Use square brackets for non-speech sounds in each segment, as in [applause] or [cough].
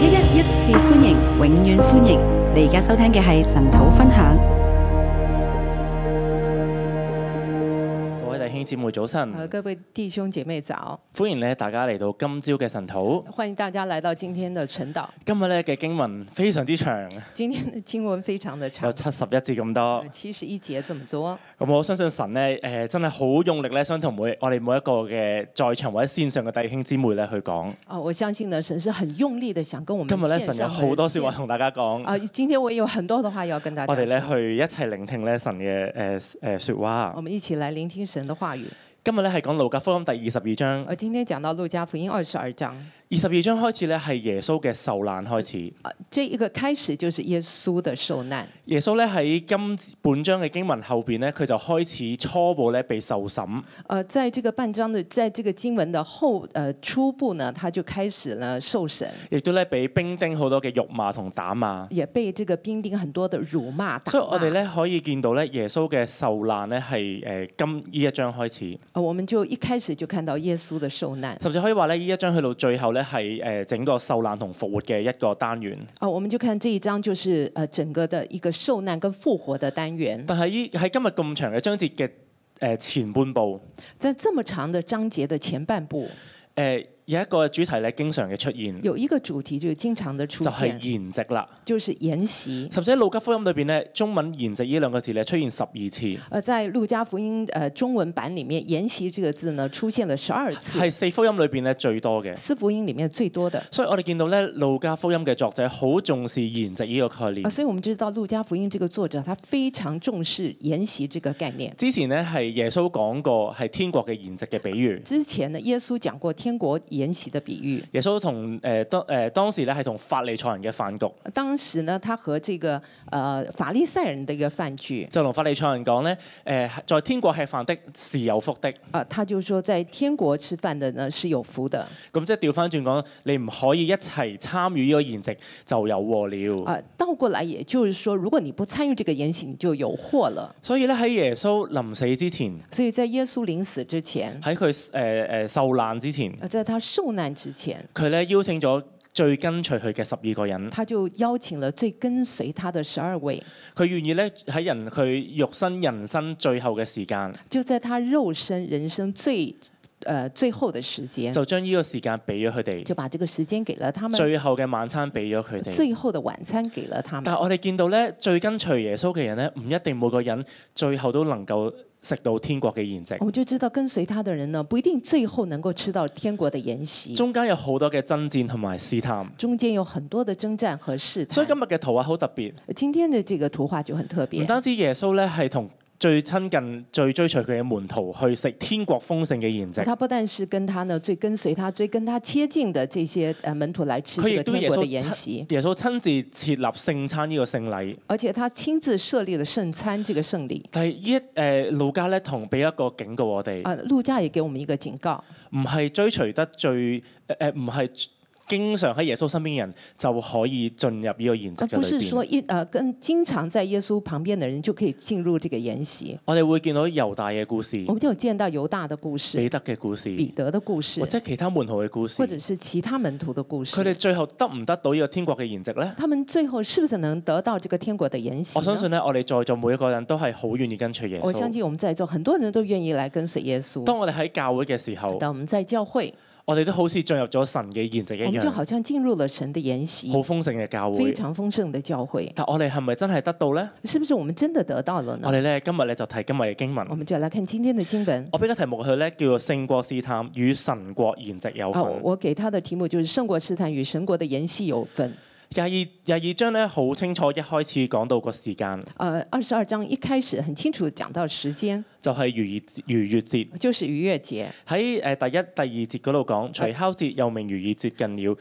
一一一次歡迎，永遠歡迎！你而家收聽嘅係晨禱分享。姊妹早晨，各位弟兄姐妹早，歡迎咧大家嚟到今朝嘅晨禱，歡迎大家嚟到今天嘅晨禱。今日咧嘅經文非常之長，今天的經文非常的長，有七十一節咁多，七十一節咁多。咁我相信神咧，誒真係好用力咧，想同每我哋每一個嘅在場或者線上嘅弟兄姊妹咧去講。啊，我相信呢神是很用力的想跟我們。今日咧神有好多說話同大家講。啊，今天我有很多的話要跟大家講。我哋咧去一齊聆聽咧神嘅誒誒說話。我們一起來聆聽神的話語。今日呢係講路加福音第二十二章。我今天講到路加福音二十二章。二十二章開始咧，係耶穌嘅受難開始。啊，這一個開始就是耶穌的受難。耶穌咧喺今本章嘅經文後邊咧，佢就開始初步咧被受審。啊、呃，在這個半章的，在這個經文的後，呃，初步呢，他就開始呢受審。亦都咧，俾兵丁好多嘅辱罵同打罵。也被這個兵丁很多的辱罵、打罵。所以我哋咧可以見到咧，耶穌嘅受難咧係誒今呢、呃、一章開始。啊、呃，我們就一開始就看到耶穌的受難。甚至可以話咧，呢一章去到最後咧。係誒，整個受難同復活嘅一個單元。啊、哦，我們就看這一章就是誒，整個的一個受難跟復活的單元。但係喺今日咁長嘅章節嘅誒前半部，在這麼長的章節的前半部，誒、呃。有一個主題咧，經常嘅出現。有一個主題就經常嘅出現，就係、是、筵席啦。就是筵席，甚至喺路加福音裏邊咧，中文筵席呢兩個字咧出現十二次。在路加福音誒中文版裏面，筵席這個字呢出現了十二次，係四福音裏邊咧最多嘅。四福音裏面最多嘅。所以我哋見到咧路加福音嘅作者好重視筵席呢個概念。所以我們知道路加福音這個作者，他非常重視筵席這個概念。之前呢，係耶穌講過係天國嘅筵席嘅比喻。之前呢，耶穌講過天國筵席。筵席嘅比喻，耶穌同誒當誒當時咧係同法利賽人嘅飯局。當時呢，他和這個誒、呃、法利賽人的一個飯局，就同法利賽人講咧，誒、呃在，呃、在天國吃飯的是有福的。啊、嗯，他就是、說在天國吃飯的呢是有福的。咁即係調翻轉講，你唔可以一齊參與呢個筵席就有禍了。啊、呃，倒過來也就是說，如果你不參與這個筵席，你就有禍了。所以咧喺耶穌臨死之前，所以在耶穌臨死之前喺佢誒誒受難之前，即、呃、係他。受難之前，佢咧邀請咗最跟隨佢嘅十二個人。他就邀請了最跟隨他的十二位。佢願意咧喺人佢肉身人生最後嘅時間，就在他肉身人生最誒、呃、最後的時間，就將呢個時間俾咗佢哋，就把這個時間給了他們。最後嘅晚餐俾咗佢哋，最後的晚餐給了他們。但係我哋見到咧，最跟隨耶穌嘅人咧，唔一定每個人最後都能夠。食到天國嘅宴席，我就知道，跟隨他的人呢，不一定最後能夠吃到天國的宴席。中間有好多嘅爭戰同埋試探，中間有很多的爭戰和試探。所以今日嘅圖畫好特別，今天的這個圖畫就很特別。唔單止耶穌咧，係同。最親近、最追隨佢嘅門徒去食天國豐盛嘅筵席。佢不但是跟他呢最跟隨他、最跟他接近的這些誒門徒來吃這個天國的筵席。佢亦都耶穌。耶穌親自設立聖餐呢個聖禮。而且他親自設立了聖餐這個聖禮。但係耶一誒路加咧，同、呃、俾一個警告我哋。啊，路加也給我們一個警告。唔係追隨得最誒唔係。呃經常喺耶穌身邊嘅人就可以進入呢個筵席。啊，不是說一啊，跟經常在耶穌旁邊的人就可以進入這個筵席。我哋會見到猶大嘅故事，我們都有見到猶大的故事、彼得嘅故事、彼得的故事，或者其他門徒嘅故事，或者是其他門徒的故事。佢哋最後得唔得到呢個天國嘅筵席咧？他們最後是不是能得到這個天國嘅筵席？我相信呢，我哋在座每一個人都係好願意跟隨耶穌。我相信我們在座很多人都願意來跟隨耶穌。當我哋喺教會嘅時候，當我們在教會。我哋都好似進入咗神嘅筵席一樣。我們就好像進入了神嘅筵席。好豐盛嘅教會，非常豐盛嘅教會。但我哋係咪真係得到呢？是不是我們真的得到了呢？我哋咧今日咧就睇今日嘅經文。我們就嚟看今天的經文。我俾個題目佢咧叫做《勝過試探與神國筵席有分》。Oh, 我給他的題目就是《勝過試探與神國嘅筵席有分》。廿二廿二章咧好清楚一開始講到個時間。誒，二十二章一開始很清楚講到時間。就係逾越逾越節。就是逾越節。喺誒、呃、第一第二節嗰度講，除酵節又名逾越節，近了。誒、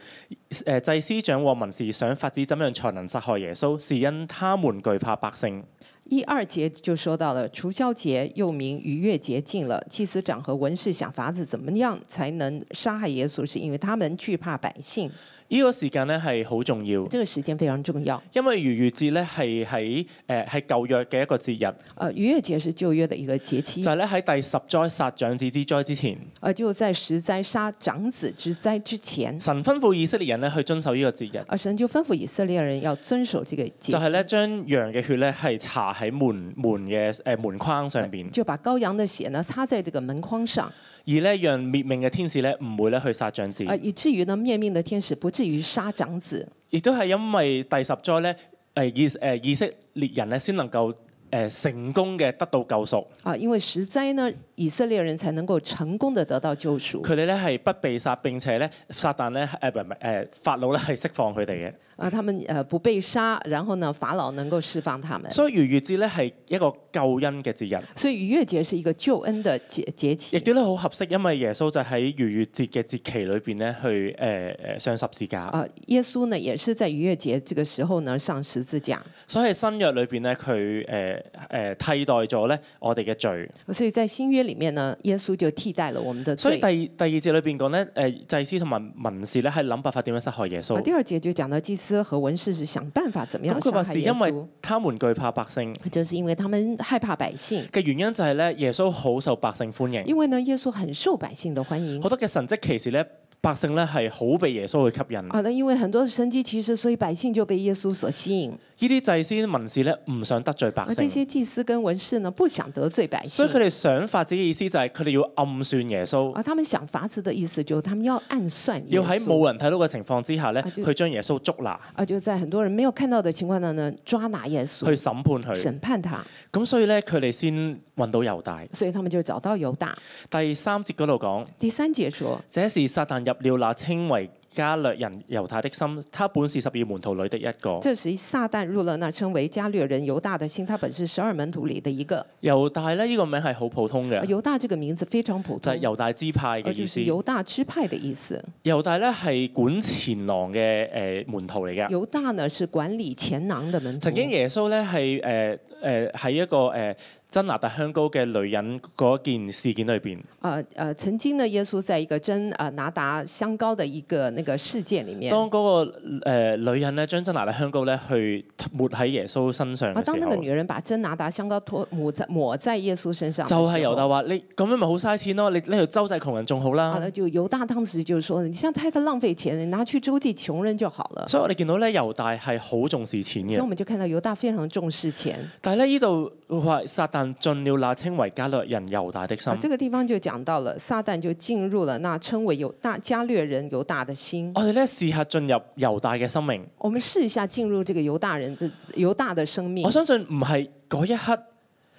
呃、祭司長和文士想法子，怎樣才能殺害耶穌，是因他們懼怕百姓。一、二節就說到了，除酵節又名逾越節，近了。祭司長和文士想法子，怎麼樣才能殺害耶穌？是因為他們懼怕百姓。呢個時間呢係好重要，這個時間非常重要，因為逾越節呢，係喺誒係舊約嘅一個節日。誒、啊，逾越節是舊約嘅一個節期，就係咧喺第十災殺長子之災之前。而、啊、就在十災殺長子之災之前，神吩咐以色列人咧去遵守呢個節日，而、啊、神就吩咐以色列人要遵守呢個節，就係咧將羊嘅血咧係擦。喺門門嘅誒、呃、門框上邊，就把羔羊嘅血呢插喺這個門框上，而呢讓滅命嘅天使咧唔會咧去殺長子，啊，以至於呢滅命嘅天使不至於殺長子，亦都係因為第十災咧誒以誒以色列人咧先能夠誒、呃、成功嘅得到救贖，啊，因為十災呢。以色列人才能夠成功地得到救贖。佢哋咧係不被殺，並且咧撒旦咧誒唔係誒法老咧係釋放佢哋嘅。啊，他們誒、呃、不被殺，然後呢法老能夠釋放他們。所以逾越節咧係一個救恩嘅節日。所以逾越節是一個救恩嘅節節期亦都咧好合適，因為耶穌就喺逾越節嘅節期裏邊咧去誒誒、呃、上十字架。啊，耶穌呢也是在逾越節這個時候呢上十字架。所以新約裏邊呢，佢誒誒替代咗咧我哋嘅罪。所以在新約裏。裏面呢，耶穌就替代了我們的罪。所以第二第二節裏邊講咧，誒祭司同埋文士咧係諗辦法點樣殺害耶穌。第二節就講到祭司和文士是想辦法怎麼樣殺害耶穌，因為他們懼怕百姓，就是因為他們害怕百姓嘅原因就係咧，耶穌好受百姓歡迎。因為呢，耶穌很受百姓的歡迎，好多嘅神跡奇事咧。百姓咧係好被耶穌去吸引的。啊，因為很多神跡，其實所以百姓就被耶穌所吸引。呢啲祭司、文士咧唔想得罪百姓。啊，這些祭司跟文士呢不想得罪百姓。所以佢哋想法子嘅意思就係佢哋要暗算耶穌。啊，他們想法子嘅意思就係他們要暗算耶穌。要喺冇人睇到嘅情況之下呢，去、啊、將耶穌捉拿。啊，就在很多人沒有看到的情況下呢，抓拿耶穌。去審判佢，審判他。咁所以呢，佢哋先揾到猶大。所以他們就找到猶大。第三節嗰度講。第三節說。這是撒但入了那稱為。加略人猶太的心，他本是十二門徒裏的一個。這時撒旦入了那稱為加略人猶大的心，他本是十二門徒裏的一個。猶大呢，呢、這個名係好普通嘅。猶大這個名字非常普通。就係猶大支派嘅意思。猶大支派嘅意思。猶大呢，係管錢囊嘅誒門徒嚟嘅。猶大呢是管理錢囊嘅門徒。曾經耶穌呢，係誒誒喺一個誒、呃、真拿達香膏嘅女人嗰件事件裏邊。啊、呃、啊、呃、曾經呢耶穌在一個真啊、呃、拿達香膏嘅一個。那個世界裏面，當嗰、那個誒、呃、女人咧，將真拿的香膏咧去抹喺耶穌身上。啊，當那個女人把真拿達香膏拖抹在抹在耶穌身上，就係、是、猶大話：你咁樣咪好嘥錢咯？你呢去周濟窮人仲好啦。啊、就猶大當時就說：你像太多浪費錢，你拿去周濟窮人就好了。所以我哋見到咧，猶大係好重視錢嘅。所以我們就看到猶大非常重視錢。但係咧呢度話，說撒旦進了那稱為加略人猶大的心、啊。這個地方就講到了，撒旦就進入了那稱為猶大加略人猶大的我哋咧試下進入猶大嘅生命。我們試一下進入這個猶大人的猶大的生命。我相信唔係嗰一刻。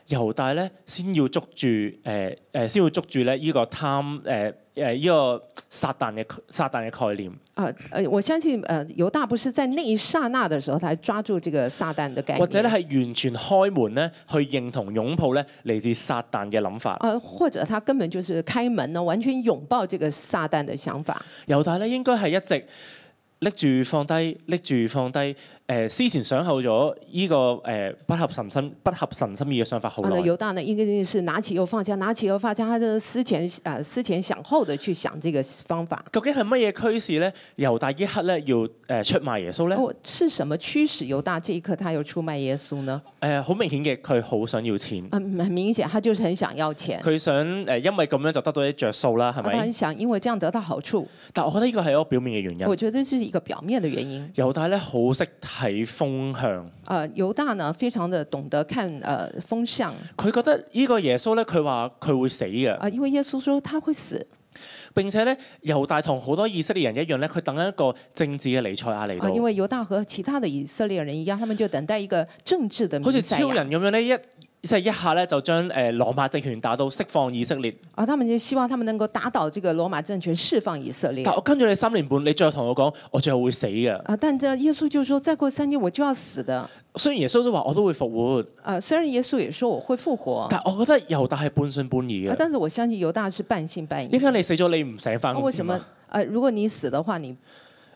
猶大咧，先要捉住誒誒、呃呃，先要捉住咧呢個貪誒誒呢個撒旦嘅撒旦嘅概念。啊、呃，我我相信誒猶、呃、大不是在那一剎那的時候，他抓住這個撒旦嘅概念。或者咧係完全開門咧，去認同擁抱咧嚟自撒旦嘅諗法。啊、呃，或者他根本就是開門呢，完全擁抱這個撒旦嘅想法。猶大咧應該係一直拎住放低，拎住放低。誒、呃、思前想後咗呢個誒、呃、不合神心不合神心意嘅想法好耐。猶、啊、大呢，應該係是拿起又放下，拿起又放下，他就思前誒、呃、思前想後地去想這個方法。究竟係乜嘢驅使咧？猶大一刻咧要、呃、出賣耶穌咧？我、哦、係什麼驅使猶大這一刻他又出賣耶穌呢？誒、呃、好明顯嘅，佢好想要錢。啊、很明顯，他就是很想要錢。佢想誒、呃，因為咁樣就得到啲著數啦，係咪？係、啊、想因為這樣得到好處。但係我覺得呢個係一個表面嘅原因。我覺得係一個表面嘅原因。猶大咧好識。係風向。誒、呃，猶大呢，非常的懂得看誒、呃、風向。佢覺得呢個耶穌咧，佢話佢會死嘅。啊、呃，因為耶穌說他會死，並且呢，猶大同好多以色列人一樣咧，佢等一個政治嘅彌賽亞嚟到因為猶大和其他的以色列人一樣，他們就等待一個政治的。好似超人咁樣咧一。即係一下咧，就將誒羅馬政權打到釋放以色列。啊，他們就希望他們能夠打倒這個羅馬政權，釋放以色列。但我跟住你三年半，你再同我講，我最後會死嘅。啊，但係耶穌就說再過三年我就要死的。雖然耶穌都話我都會復活。啊，雖然耶穌也說我會復活。但我覺得猶大係半信半疑嘅。但是我相信猶大是半信半疑。點解你死咗你唔醒翻？為什麼？呃，如果你死的話你？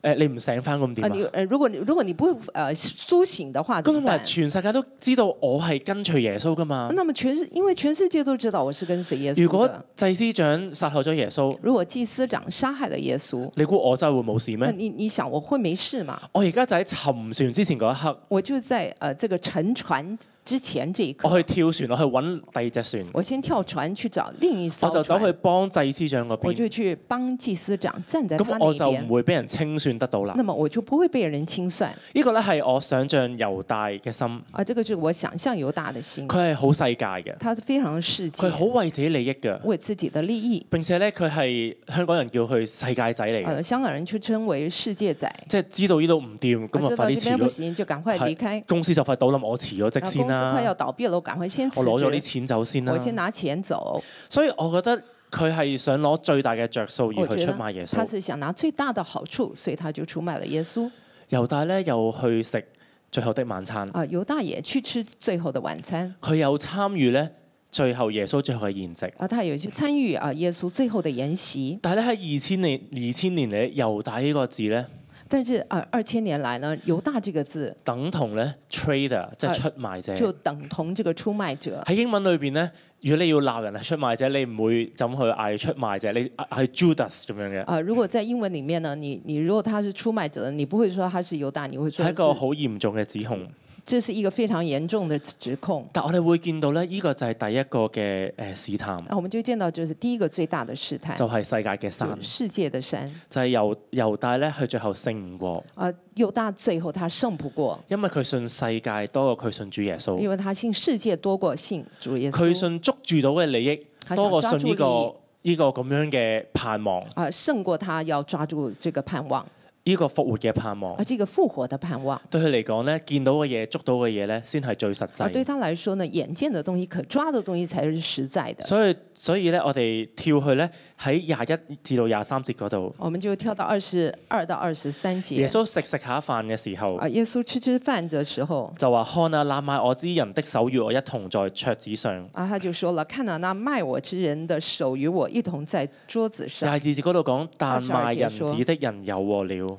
誒、呃、你唔醒翻咁點啊？誒、呃呃、如果如果你不會誒、呃、甦醒嘅話，咁咪全世界都知道我係跟隨耶穌噶嘛？那麼全因為全世界都知道我是跟隨耶穌的嘛。如果祭司長殺害咗耶穌，如果祭司長殺害咗耶、耶穌，你估我真係會冇事咩？你你想我會沒事嘛？我而家就喺沉船之前嗰一刻，我就在誒、呃、這個沉船之前這一刻，我去跳船，我去揾第二隻船，我先跳船去找另一艘船，我就走去幫祭司長嗰邊，我就去幫祭司長站在。咁我就唔會俾人清算。得到啦，那麼我就不會被人清算。這個、呢個咧係我想象猶大嘅心。啊，這個就是我想象猶大嘅心。佢係好世界嘅，他非常世界。佢好為自己利益嘅，為自己嘅利益，並且咧佢係香港人叫佢世界仔嚟嘅、啊。香港人就稱為世界仔，即係知道呢度唔掂，咁啊知道就快啲辭。不行就趕快離開。公司就快倒冧，我辭咗職先啦。公司快要倒閉，我趕快先。我攞咗啲錢走先啦。我先拿錢走。所以我覺得。佢係想攞最大嘅着數而去出賣耶穌。他是想拿最大的好處，所以他就出賣了耶穌。猶大咧又去食最後的晚餐。啊，猶大也去吃最後的晚餐。佢有參與咧最後耶穌最後嘅宴席。啊，他有去參與啊耶穌最後的宴席。但係咧喺二千年二千年嚟，猶大呢個字咧，但是啊二千年來呢，猶大這個字等同咧 trader 即係出賣者。呃，就等同這個出賣者喺英文裏邊咧。如果你要鬧人係出賣者，你唔會怎去嗌出賣者？你嗌 Judas 咁樣嘅。啊，如果在英文裡面呢，你你如果他是出賣者，你不會說他是猶大，你會說係一個好嚴重嘅指控。這是一個非常嚴重的指控。但我哋會見到咧，呢個就係第一個嘅誒試探。啊，我們就見到就是第一個最大的試探。就係世界嘅山。世界的山。就係由猶大咧，佢最後勝唔過。啊，猶大最後他勝不過。因為佢信世界多過佢信主耶穌。因為他信世界多過信主耶穌。佢信捉住到嘅利益多過信呢個呢個咁樣嘅盼望。啊，勝過他要抓住這個盼望。呢、這個復活嘅盼望，啊，這個復活的盼望，對佢嚟講咧，見到嘅嘢、捉到嘅嘢咧，先係最實際。而對他來說呢，眼見的東西、可抓的東西，才是實在的。所以。所以咧，我哋跳去咧喺廿一至到廿三節嗰度。我們就跳到二十二到二十三節。耶穌食食下飯嘅時候。啊，耶穌吃吃飯嘅時候。就話看啊，那賣我之人的手與我一同在桌子上。啊，他就說了，看啊，那賣我之人的手與我一同在桌子上。廿二節嗰度講，但賣人子的人有禍了。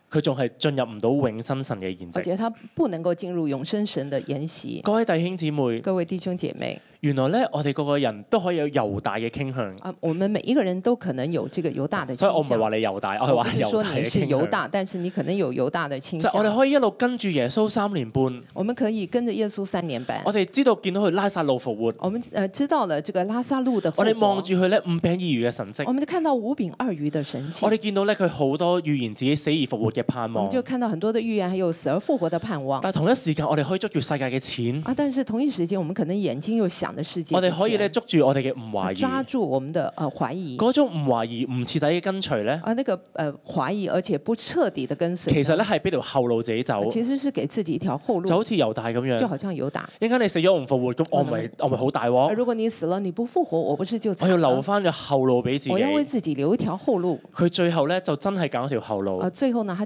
佢仲係進入唔到永生神嘅宴席，而且他不能夠進入永生神嘅筵席。各位弟兄姊妹，各位弟兄姐妹，原來咧，我哋個個人都可以有猶大嘅傾向。啊，我們每一個人都可能有這個猶大的傾向。所以我唔係話你猶大，我係話猶大嘅傾向。不是說你是猶大，但是你可能有猶大的傾向。就是，我哋可以一路跟住耶穌三年半。我們可以跟着耶穌三年半。我哋知道見到佢拉撒路復活。我們呃知道了這個拉撒路的復活。我哋望住佢咧五餅二魚嘅神跡。我哋就看到五餅二魚嘅神跡。我哋見到咧佢好多預言自己死而復活嘅。盼望我們就看到很多的預言，還有死而復活的盼望。但同一時間，我哋可以捉住世界嘅錢。啊！但是同一時間，我們可能眼睛又想嘅事情。我哋可以咧捉住我哋嘅唔懷疑，抓住我們的誒懷、呃、疑。嗰種唔懷疑、唔徹底嘅跟隨咧。啊，那個誒懷、呃、疑，而且不徹底的跟隨。其實咧係俾條後路自己走。其實是給自己一條後路。就好似猶大咁樣。就好像猶大。一陣間你死咗唔復活，咁我咪、嗯、我咪好大鑊。如果你死了你不復活，我不是就我要留翻個後路俾自己。我要為自己留一條後路。佢最後咧就真係揀咗條後路。啊，最後呢？他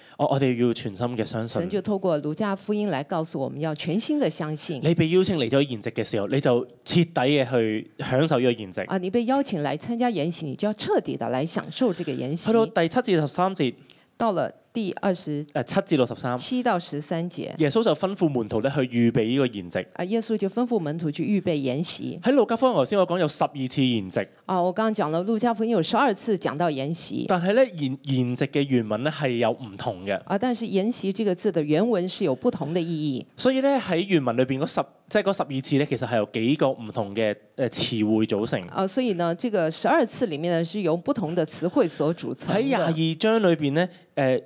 我哋要全心嘅相信。神就透過路加福音嚟，告訴我們要全心的相信。相信你被邀請嚟咗宴席嘅時候，你就徹底嘅去享受呢個宴席。啊！你被邀請來參加宴席，你就要徹底的來享受這個宴席。係咯，第七節十三節到了。第二十，誒七至到十三，七到十三節，耶穌就吩咐門徒咧去預備呢個筵席。啊，耶穌就吩咐門徒去預備筵席。喺路加福音，頭先我講有十二次筵席。啊，我剛剛講了路加福音有十二次講到筵席。但係咧，筵筵席嘅原文咧係有唔同嘅。啊，但是筵席這個字的原文是有不同的意義。所以咧喺原文裏邊嗰十。即係嗰十二次咧，其實係由幾個唔同嘅誒詞彙組成。啊，所以呢，這個十二次裡面呢，是由不同的詞彙所組成在。喺廿二章裏邊咧，誒、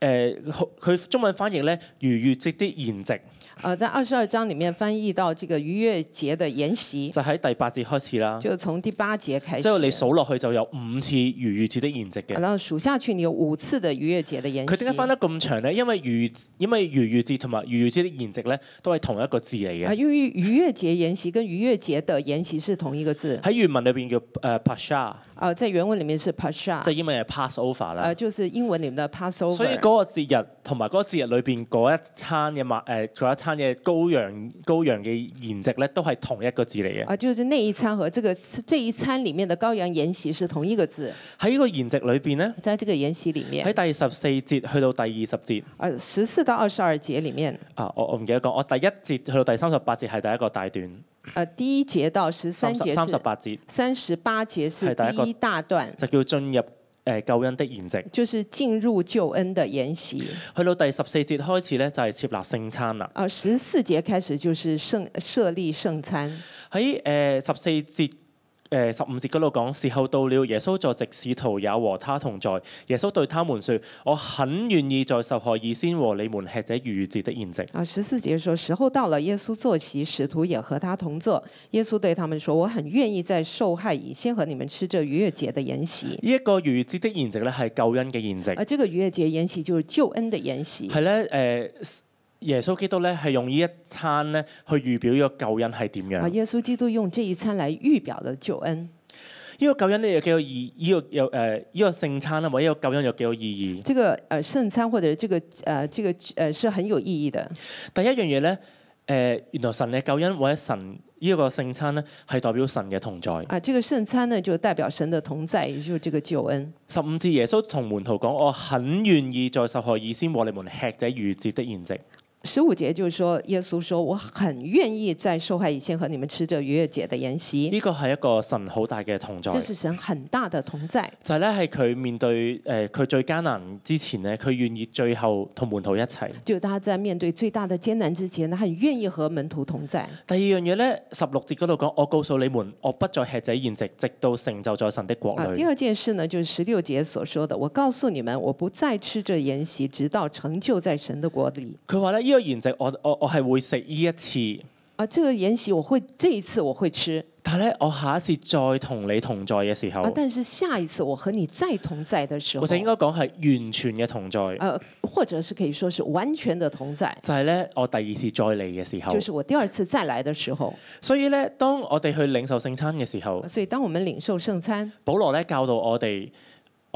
呃、誒，佢中文翻譯咧如月直的言值。啊、uh,，在二十二章裏面翻譯到這個逾越節嘅筵席，就喺第八節開始啦。就從第八節開始，即係你數落去就有五次逾越節的筵席嘅。Uh, 然後數下去，你有五次嘅逾越節嘅筵席。佢點解翻得咁長咧？因為逾因為逾越節同埋逾越節的筵席咧，都係同一個字嚟嘅。啊、uh,，因為逾越節筵席跟逾越節的筵席是同一個字。喺原文裏邊叫誒 Passah、uh, 啊，在原文裡面是 Passah 即係英文係 Passover 啦。啊、uh,，就是英文裡面的 Passover。所以嗰個節日同埋嗰個節日裏邊嗰一餐嘅嘛誒，呃、一。餐嘅羔羊羔羊嘅筵席咧，都係同一個字嚟嘅。啊，就是呢一餐和這個這一餐裏面嘅羔羊筵席是同一個字。喺呢個筵席裏邊咧，在這個筵席裏面。喺第十四節去到第二十節。啊，十四到二十二節裏面。啊，我我唔記得講，我第一節去到第三十八節係第一個大段。啊，第一節到十三節，三十八節。三十八節。三十八節是第一大段。就叫進入。誒救恩的筵席，就是進入救恩的筵席。去到第十四節開始咧，就係設立聖餐啦。啊，十四節開始就是聖設立聖餐喺誒、呃、十四節。誒，十五節嗰度講，時候到了，耶穌坐席，使徒也和他同在。耶穌對他們說：，我很願意在受害以先和你們吃這逾越節的筵席。啊，十四節說，時候到了，耶穌坐席，使徒也和他同坐。耶穌對他們說：，我很願意在受害以先和你們吃這逾越節的筵席。呢、這、一個逾越節的筵席呢，係救恩嘅筵席。啊，這個逾越節筵席就是救恩的筵席。係咧，誒、呃。耶穌基督咧，係用呢一餐咧去預表呢個救恩係點樣？啊！耶穌基督用這一餐來預表的救恩。呢、這個救恩呢有幾有意義？這個有誒？呢、呃，這個聖餐啦，或呢個救恩有幾有意義？這個誒聖餐或者這個誒、呃、這個誒、呃、是很有意義的。第一樣嘢咧，誒、呃，原來神嘅救恩或者神呢、這個聖餐咧係代表神嘅同在。啊，這個聖餐呢就代表神嘅同在，也就呢、是、個救恩。十五節耶穌同門徒講：，我很願意在受害以先和你們吃這逾越節的筵席。」十五節就是說耶穌說，我很願意在受害以前和你們吃這逾越節的宴席。呢個係一個神好大嘅同在。這是神很大的同在。就係咧，係佢面對誒佢最艱難之前呢，佢願意最後同門徒一齊。就大家在面對最大的艱難之前，呢，很願意和門徒同在。第二樣嘢咧，十六節嗰度講，我告訴你們，我不再吃這筵席，直到成就在神的國裏。第二件事呢，就十六節所說的，我告訴你們，我不再吃這宴席，直到成就在神的國裏。佢話咧，呢、這個筵席我我我係會食呢一次啊，這個筵席我會這一次我會吃，但係咧我下一次再同你同在嘅時候，啊，但是下一次我和你再同在的時候，我就應該講係完全嘅同在，呃、啊，或者是可以說是完全的同在，就係、是、咧我第二次再嚟嘅時候，就是我第二次再來的時候，所以咧當我哋去領受聖餐嘅時候，所以當我們領受聖餐，保羅咧教導我哋。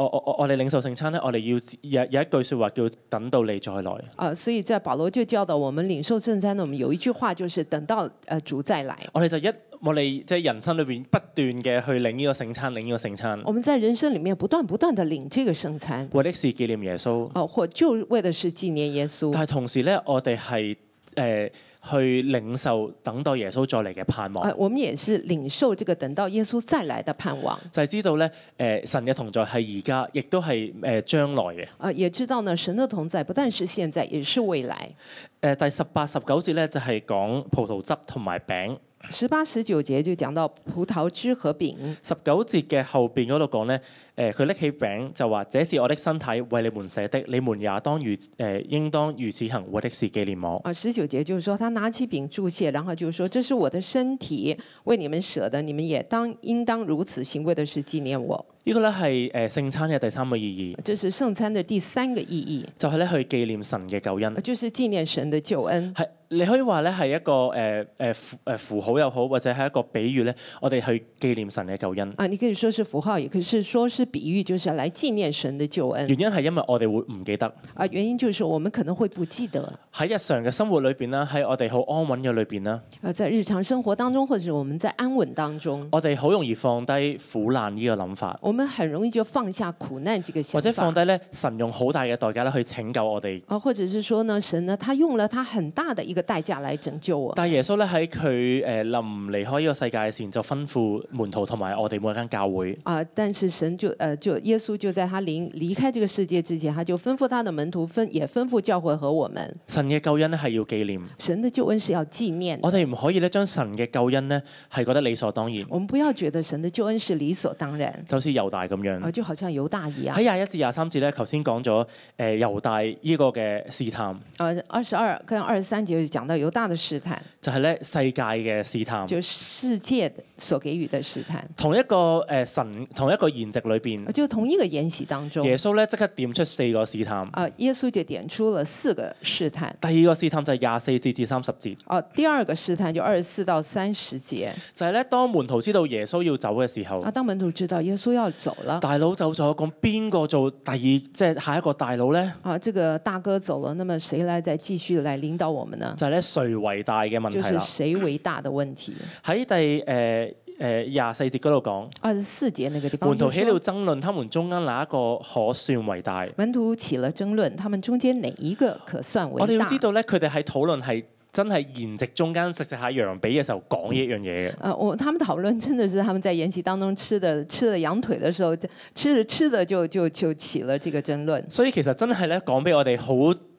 我我我哋領受聖餐咧，我哋要有有一句説話叫等到你再來。啊，所以在保羅就教導我們領受聖餐，呢，我們有一句話就是等到誒主再來。我哋就一，我哋即係人生裏邊不斷嘅去領呢個聖餐，領呢個聖餐。我們在人生裡面不斷不斷的領這個聖餐。為的是紀念耶穌。哦，或就為的是紀念耶穌。但係同時咧，我哋係誒。呃去領受等待耶穌再嚟嘅盼望。誒、啊，我們也是領受這個等到耶穌再來的盼望。就係、是、知道咧，誒、呃，神嘅同在係而家，亦都係誒將來嘅。啊，也知道呢，神的同在不但是現在，也是未來。誒、呃，第十八、十九節咧就係、是、講葡萄汁同埋餅。十八、十九節就講到葡萄汁和餅。十九節嘅後邊嗰度講咧。誒佢拎起餅就話：這是我的身體，為你們捨的，你們也當如誒，應當如此行。為的是紀念我。啊，十九節就是說，他拿起餅祝謝，然後就是說，這是我的身體，為你們捨的，你們也當應當如此行。為的是紀念我。呢個呢係誒聖餐嘅第三個意義。就是聖餐嘅第三個意義，就係、是、咧去紀念神嘅救恩。就是紀念神嘅救恩。係你可以話咧係一個誒誒符符號又好，或者係一個比喻咧，我哋去紀念神嘅救恩。啊，你可以說是符號，也可以是說是。比喻就是來紀念神的救恩。原因係因為我哋會唔記得。啊、呃，原因就是我們可能會不記得。喺日常嘅生活裏邊啦，喺我哋好安穩嘅裏邊啦。啊、呃，在日常生活當中，或者我們在安穩當中，我哋好容易放低苦難呢個諗法。我們很容易就放下苦難這個。或者放低咧，神用好大嘅代價咧去拯救我哋。啊、呃，或者是說呢，神呢，他用了他很大的一個代價來拯救我。但耶穌咧喺佢誒臨離開呢個世界嘅時候，就吩咐門徒同埋我哋每一間教會。啊、呃，但是神就。誒，就耶穌就在他臨離開這個世界之前，他就吩咐他的門徒，分也吩咐教會和我們。神嘅救恩係要紀念。神的救恩是要紀念。我哋唔可以咧，將神嘅救恩咧係覺得理所當然。我們不要覺得神的救恩是理所當然。就好似猶大咁樣。啊，就好像猶大一樣、啊。喺廿一至廿三節咧，頭先講咗誒猶大呢個嘅試探。誒，二十二跟二十三節就講到猶大的試探，就係、是、咧世界嘅試探，就世界所給予嘅試探。同一個誒神同一個筵席裏邊。就同一個宴席當中，耶穌咧即刻點出四個試探。啊，耶穌就點出了四個試探。第二個試探就係廿四節至三十節。哦、啊，第二個試探就二十四到三十節。就係、是、咧，當門徒知道耶穌要走嘅時候，啊，當門徒知道耶穌要走了。大佬走咗。講邊個做第二，即、就、係、是、下一個大佬咧。啊，這個大哥走了，那麼誰咧再繼續來領導我們呢？就係、是、咧，誰為大嘅問題啦。就是誰為大嘅問題。喺第誒。呃誒廿四節嗰度講，二十四節那、啊、四節那個地方，門徒起了爭論，他們中間哪一個可算為大？門徒起了爭論，他們中間哪一個可算為大？我哋要知道咧，佢哋喺討論係，真係筵席中間食食下羊髀嘅時候講呢樣嘢嘅。啊，我他們討論，真的是他們在筵席當中吃的吃的羊腿的時候，吃着吃的就就就起了這個爭論。所以其實真係咧，講俾我哋好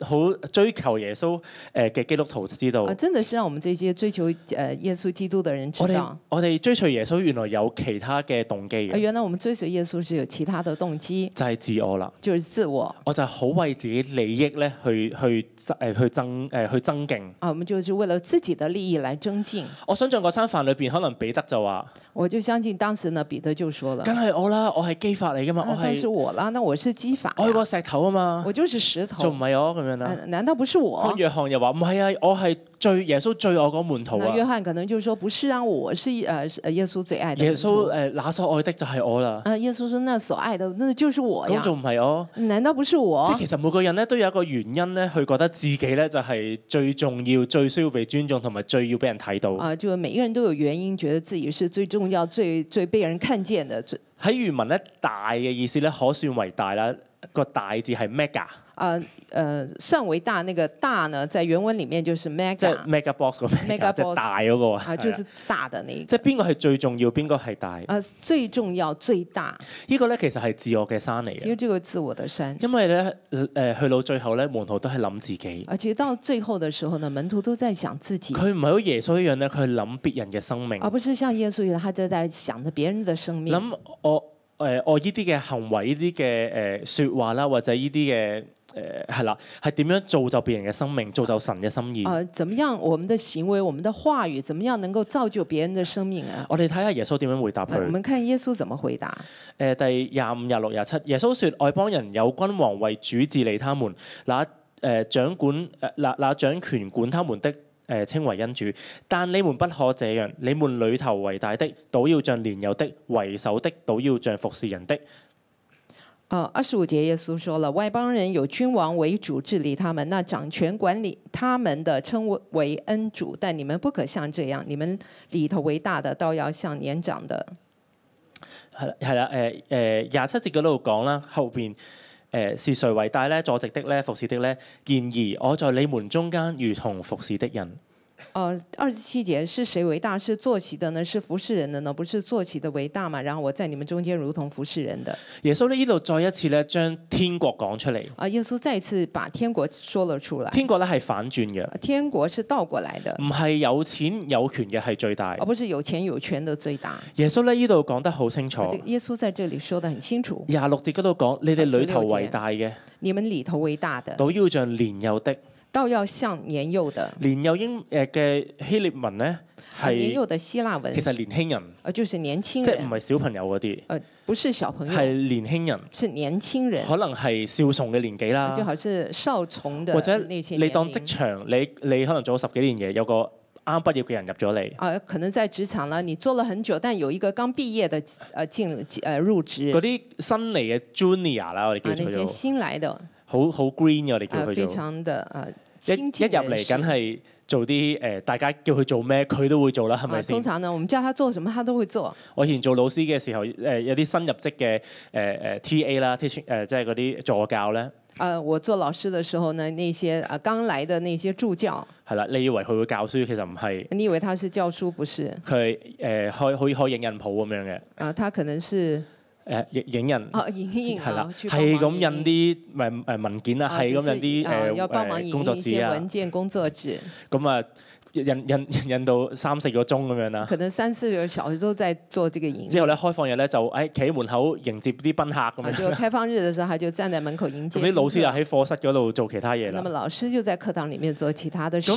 好追求耶穌誒嘅基督徒知道。啊，真的是讓我們這些追求誒耶穌基督的人知道，我哋追隨耶穌原來有其他嘅動機。原來我們追隨耶穌是有其他的動機，就係自我啦，就係自我。我就係好為自己利益咧去去誒去爭誒去增勁。啊，就是為了自己的利益來增進。我想像嗰餐飯裏邊可能彼得就話，我就相信當時呢，彼得就說了，梗係我啦，我係磯法嚟噶嘛。啊、我係，係我啦，那我是磯法、啊，我係個石頭啊嘛，我就是石頭，仲唔係我咁樣啦、啊，難道不是我？約翰又話唔係啊，我係最耶穌最愛嗰門徒啊。約翰可能就說不是啊，我是，耶穌最愛的，耶穌誒，那、呃、所愛的就係我啦、啊。耶穌說那所愛的那就是我呀，咁仲唔係我？難道不是我？其實每個人咧都有一個原因咧，去覺得自己咧就係、是、最重要。最需要被尊重同埋最要被人睇到。啊，就係每個人都有原因，覺得自己是最重要、最最被人看見的。喺原文咧，大嘅意思咧，可算為大啦。個大字係 mega、呃。啊、呃，誒，算為大，那個大呢，在原文裏面就是 mega。mega box 嗰個，即係大嗰、那個。啊，就是大的那個。即係邊個係最重要，邊個係大？啊，最重要，最大。這個、呢個咧，其實係自我嘅山嚟嘅。其實這個自我嘅山。因為咧，誒、呃，去到最後咧，門徒都係諗自己。而且到最後嘅時候呢，門徒都在想自己。佢唔係好似耶穌一樣咧，佢係諗別人嘅生命。而不是像耶穌一樣，他就在想着別人嘅生命。那麼誒、哦，我依啲嘅行為，依啲嘅誒說話啦，或者依啲嘅誒係啦，係、呃、點樣造就別人嘅生命，造就神嘅心意？哦、呃，怎樣我們的行為，我們的話語，怎麼樣能夠造就別人的生命啊？我哋睇下耶穌點樣回答佢、呃。我們看耶穌怎麼回答？誒、呃，第廿五、廿六、廿七，耶穌說：外邦人有君王為主治理他們，那誒、呃、掌管誒、呃、那那掌權管他們的。誒稱為恩主，但你們不可這樣。你們裏頭為大的，倒要像年幼的；為首的，倒要像服侍人的。啊，二十五節耶穌說了，外邦人有君王為主治理他們，那掌權管理他們的稱為恩主，但你們不可像這樣。你們裏頭為大的，倒要像年長的。係啦係啦，誒誒廿七節嗰度講啦，後邊。呃、是誰為大咧？坐席的咧，服侍的咧。然而我在你們中間如同服侍的人。誒，二十七節，是誰為大？是坐席的呢？是服侍人的呢？不是坐席的為大嘛？然後我在你們中間如同服侍人的。耶穌呢，呢度再一次咧將天國講出嚟。啊，耶穌再一次把天國說了出來。天國呢係反轉嘅，天國是倒過來的，唔係有錢有權嘅係最大，而不是有錢有權的最大。耶穌呢，呢度講得好清楚。耶穌在這裏說得很清楚。廿六節嗰度講，你哋裏頭為大嘅，你們裏頭為大的，都要像年幼的。倒要像年幼的年幼英誒嘅希臘文咧，係年幼的希臘文其實年輕人，誒、啊、就是年輕人，即係唔係小朋友嗰啲，誒、啊，不是小朋友，係年輕人，是年輕人，可能係少崇嘅年紀啦，就好似少崇嘅，或者你當職場，你你可能做咗十幾年嘢，有個啱畢業嘅人入咗嚟，啊可能在職場啦，你做了很久，但有一個剛畢業的誒進誒，入職嗰啲新嚟嘅 junior 啦，我哋叫佢、啊、做，新來嘅。好好 green 嘅，我哋叫佢做。啊，啊，一一入嚟，梗係做啲誒，大家叫佢做咩，佢都會做啦，係咪先？通常呢，我們叫他做什麼，他都會做。我以前做老師嘅時候，誒有啲新入職嘅誒誒 TA 啦，teacher 誒、呃，即係嗰啲助教咧。啊、呃，我做老師嘅時候呢，那些啊、呃、剛來的那些助教。係啦，你以為佢會教書，其實唔係。你以為他是教書，不是？佢誒開可以開影印鋪咁樣嘅。啊、呃，他可能是。誒、呃、影影人，係、啊、啦，係咁印啲咪誒文件啊，係咁印啲誒要幫忙印一些工作、啊、文件、工作紙。咁啊，印印印到三四個鐘咁樣啦。可能三四個小時都在做呢個印。之後咧，開放日咧就誒企喺門口迎接啲賓客咁、啊、樣、啊。就開放日嘅時候，佢 [laughs] 就站在門口迎接。咁啲老師又喺課室嗰度做其他嘢啦。那麼老師就在課堂裡面做其他嘅事。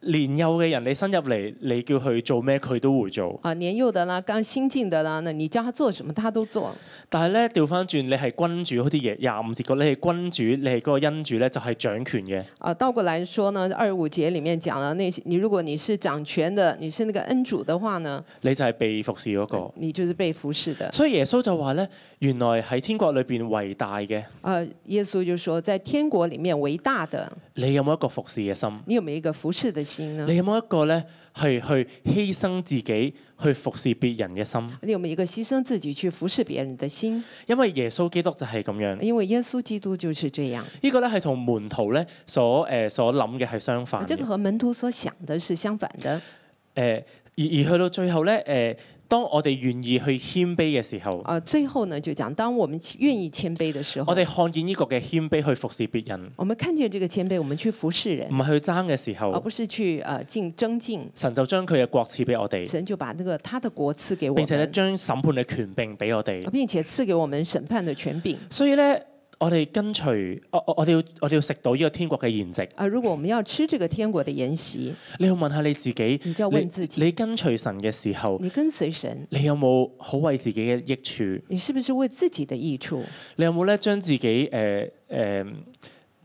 年幼嘅人，你新入嚟，你叫佢做咩佢都會做。啊，年幼的啦，剛新進的啦，那你叫他做什麼，他都做。但係咧，調翻轉，你係君主嗰啲嘢，廿五節嗰，你係君主，你係嗰個恩主咧，就係掌權嘅。啊，倒過來說呢，二五節裡面講啦，那你如果你是掌權嘅，你是那個恩主嘅話呢？你就係被服侍嗰個。你就是被服侍的。所以耶穌就話咧，原來喺天國裏邊偉大嘅。啊，耶穌就說，在天國裏面偉大的。你有冇一個服侍嘅心？你有冇一個服侍嘅？你有冇一個咧，去去犧牲自己去服侍別人嘅心？你有冇一個犧牲自己去服侍別人嘅心？因為耶穌基督就係咁樣，因為耶穌基督就是這樣。這個、呢個咧係同門徒咧所誒、呃、所諗嘅係相反。這個和門徒所想的是相反的。誒、呃，而而去到最後咧，誒、呃。當我哋願意去謙卑嘅時候，啊，最後呢就講，當我們願意謙卑嘅時候，我哋看見呢個嘅謙卑去服侍別人。我們看見這個謙卑，我們去服侍人，唔係去爭嘅時候，而不是去誒競爭競。神就將佢嘅國賜俾我哋，神就把呢個他的國賜給我哋，並且呢將審判嘅權柄俾我哋，並且賜給我們審判的權柄。所以呢，我哋跟隨、啊、我我我哋要我哋要食到呢個天國嘅筵席。啊，如果我們要吃這個天國的筵席，你要問下你自己，你，就問自己你，你跟隨神嘅時候，你跟隨神，你有冇好為自己嘅益處？你是不是為自己的益處？你有冇咧將自己誒誒？呃呃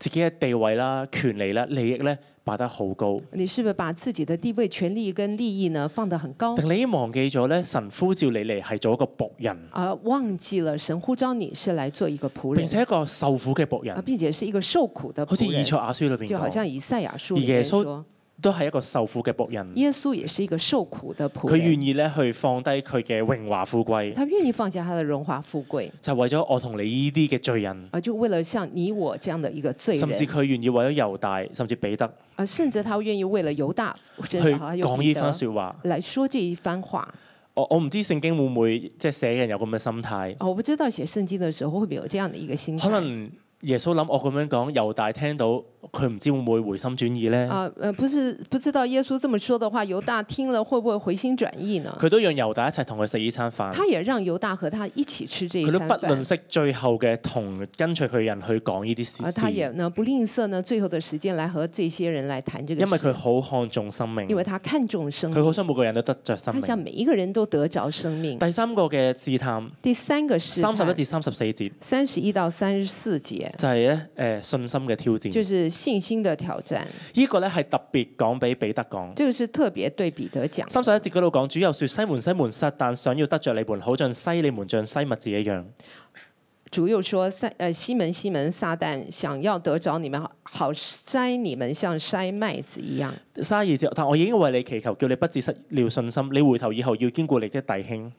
自己嘅地位啦、權利啦、利益咧擺得好高。你是不是把自己的地位、權利跟利益呢放得很高？但你已經忘記咗咧，神呼召你嚟係做一個僕人。啊，忘記了神呼召你是來做一個僕人。並且一個受苦嘅僕人。啊，並且是一個受苦的僕人、啊受苦的僕人。好似以賽亞書裏面，就好像以賽亞書。耶穌。都係一個受苦嘅僕人。耶穌也是一個受苦嘅僕人。佢願意咧去放低佢嘅榮華富貴。佢願意放下他嘅榮華富貴，就為咗我同你呢啲嘅罪人。啊，就為了像你我這樣的一個罪人。甚至佢願意為咗猶大，甚至彼得。啊，甚至他願意為了猶大去講呢番說話，嚟說這一番話。我我唔知聖經會唔會即係、就是、寫人有咁嘅心態。我不知道寫聖經嘅時候會唔會有這樣嘅一個心態。可能耶穌諗我咁樣講，猶大聽到，佢唔知會唔會回心轉意咧？啊，唔、呃、不是，不知道耶穌這麼說的話，猶大聽了會不會回心轉意呢？佢都讓猶大一齊同佢食呢餐飯。他也讓猶大和他一起吃這餐飯。佢都不吝惜最後嘅同跟隨佢人去講呢啲事情，他也呢不吝嗇呢最後嘅時間來和這些人來談這個。因為佢好看重生命，因為他看重生命，佢好想每個人都得着生命，想每一個人都得著生命。第三個嘅試探，第三個試探，三十一至三十四節，三十一到三十四節就係咧誒信心嘅挑戰，就是。信心的挑戰，這個、呢個咧係特別講俾彼得講，就是特別對彼得講。三十一節嗰度講，主又說：西門西門撒旦想要得着你們，好像篩你們像篩麥子一樣。主又說：西誒西門西門撒旦想要得着你們，好篩你們像篩麥子一樣。三十二節，但我已經為你祈求，叫你不至失了信心。你回頭以後要堅固你的弟兄。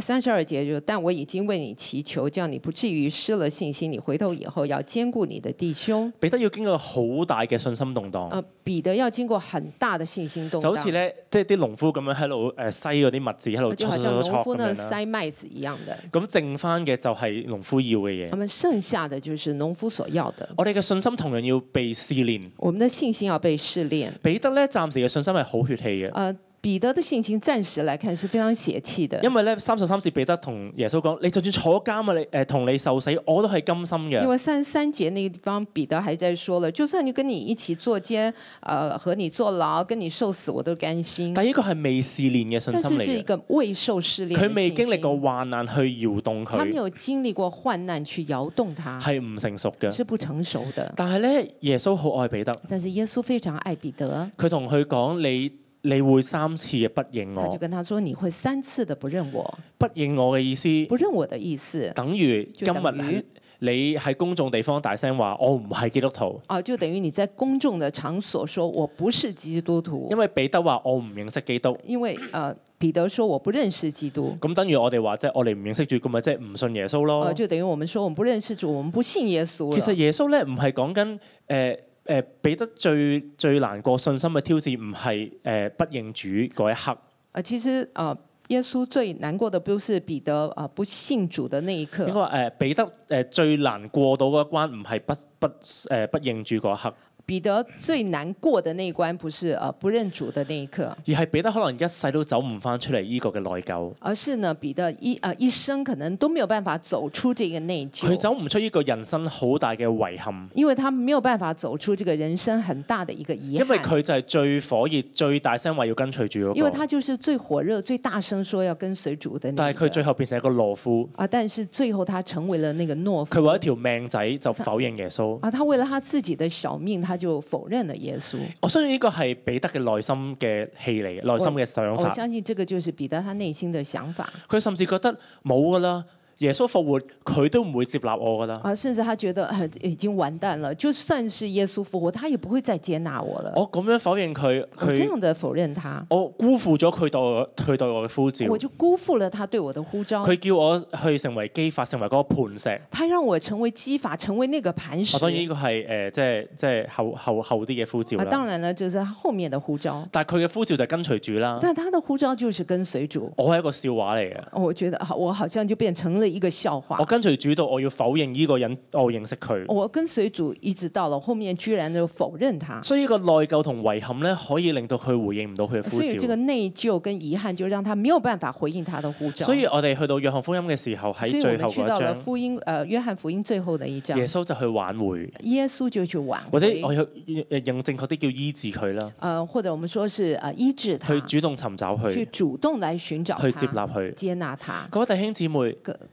三十二節就，但我已經為你祈求，叫你不至於失了信心。你回頭以後要堅固你的弟兄。彼得要經過好大嘅信心動蕩。啊、呃，彼得要經過很大的信心動蕩。就好似咧，即係啲農夫咁樣喺度誒，篩嗰啲物質喺度搓搓農夫呢篩麥子一樣嘅。咁剩翻嘅就係農夫要嘅嘢。咁剩下的就是農夫所要嘅。我哋嘅信心同樣要被試煉。我們嘅信心要被試煉。彼得咧，暫時嘅信心係好血氣嘅。啊、呃。彼得的性情暫時來看是非常邪氣的，因為咧三十三次彼得同耶穌講，你就算坐監啊，你誒同、呃、你受死，我都係甘心嘅。因為三三節那個地方，彼得還在說了，就算你跟你一起坐監，誒、呃、和你坐牢，跟你受死，我都甘心。但一個係未試煉嘅信心嚟嘅，但係是一個未受試煉，佢未經歷過患難去搖動佢，他沒有經歷過患難去搖動他，係唔成熟嘅，是不成熟的。但係咧，耶穌好愛彼得，但是耶穌非常愛彼得，佢同佢講，你。你會三次嘅不認我？他就跟佢講：你會三次的不認我，不認我嘅意思？不認我的意思。等於今日你喺公眾地方大聲話：我唔係基督徒。哦、啊，就等於你在公眾的場所說：我不是基督徒。因為彼得話：我唔認識基督。因為啊，彼得說：我不認識基督。咁、啊嗯嗯嗯嗯嗯嗯、等於我哋話即係我哋唔認識主，咁咪即係唔信耶穌咯、啊？就等於我們說：我們不認識主，我們不信耶穌。其實耶穌咧，唔係講緊誒。呃誒，彼得最最難過信心嘅挑戰唔係誒不認、呃、主嗰一刻。啊，其實啊，耶穌最難過嘅，不是，是彼得啊不信主嘅那一刻。應該誒彼得誒最難過到嗰一關唔係不不誒不認、呃、主嗰一刻。彼得最難過的那一關，不是呃不認主的那一刻，而係彼得可能一世都走唔翻出嚟呢個嘅內疚。而、啊、是呢，彼得一呃一生可能都沒有辦法走出這個內疚。佢走唔出呢個人生好大嘅遺憾。因為他沒有辦法走出這個人生很大的一個遺憾。因為佢就係最火熱、最大聲話要跟隨主咯，那個，因為他就是最火熱、最大聲說要跟隨主的，那個。但係佢最後變成一個懦夫。啊！但是最後他成為了那個懦夫。佢為一條命仔就否認耶穌。啊！他為了他自己的小命，他。他就否認了耶穌。我相信呢個係彼得嘅內心嘅戲嚟，內心嘅想法。我相信這個就是彼得他內心的想法。佢甚至覺得冇㗎啦。耶穌復活，佢都唔會接納我噶啦。啊，甚至他覺得、啊、已經完蛋了，就算是耶穌復活，他也不會再接納我了。我咁樣否認佢，佢這樣的否認他，我辜負咗佢對佢對我嘅呼召。我就辜負了他對我的呼召。佢叫我去成為基法，成為嗰個磐石。他讓我成為基法，成為那個磐石。我當然呢個係誒、呃，即係即係後後後啲嘅呼召啦、啊。當然啦，就是後面嘅呼召。但係佢嘅呼召就係跟隨主啦。但係他的呼召就是跟隨主。我係一個笑話嚟嘅。我覺得我好像就變成。一個笑話，我跟隨主到我要否認呢個人，我認識佢。我跟隨主一直到了後面，居然就否認他。所以呢個內疚同遺憾咧，可以令到佢回應唔到佢嘅呼召。所以呢個內疚跟遺憾就讓他沒有辦法回應他的呼召。所以我哋去到約翰福音嘅時候喺最後嗰一章。所以我們去到了福音，誒、呃、約翰福音最後的一章。耶穌就去挽回。耶穌就去挽回。或者我用正確啲叫醫治佢啦。誒、呃、或者我們說是誒醫治佢。去主動尋找佢，去主動嚟尋找。去接納佢，接納他。各位弟兄姊妹，這個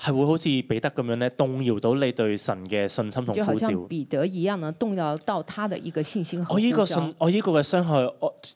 係會好似彼得咁樣咧，動搖到你對神嘅信心同呼召。就好像彼得一樣呢，呢動搖到他的一個信心。我呢個信，我呢個嘅傷害，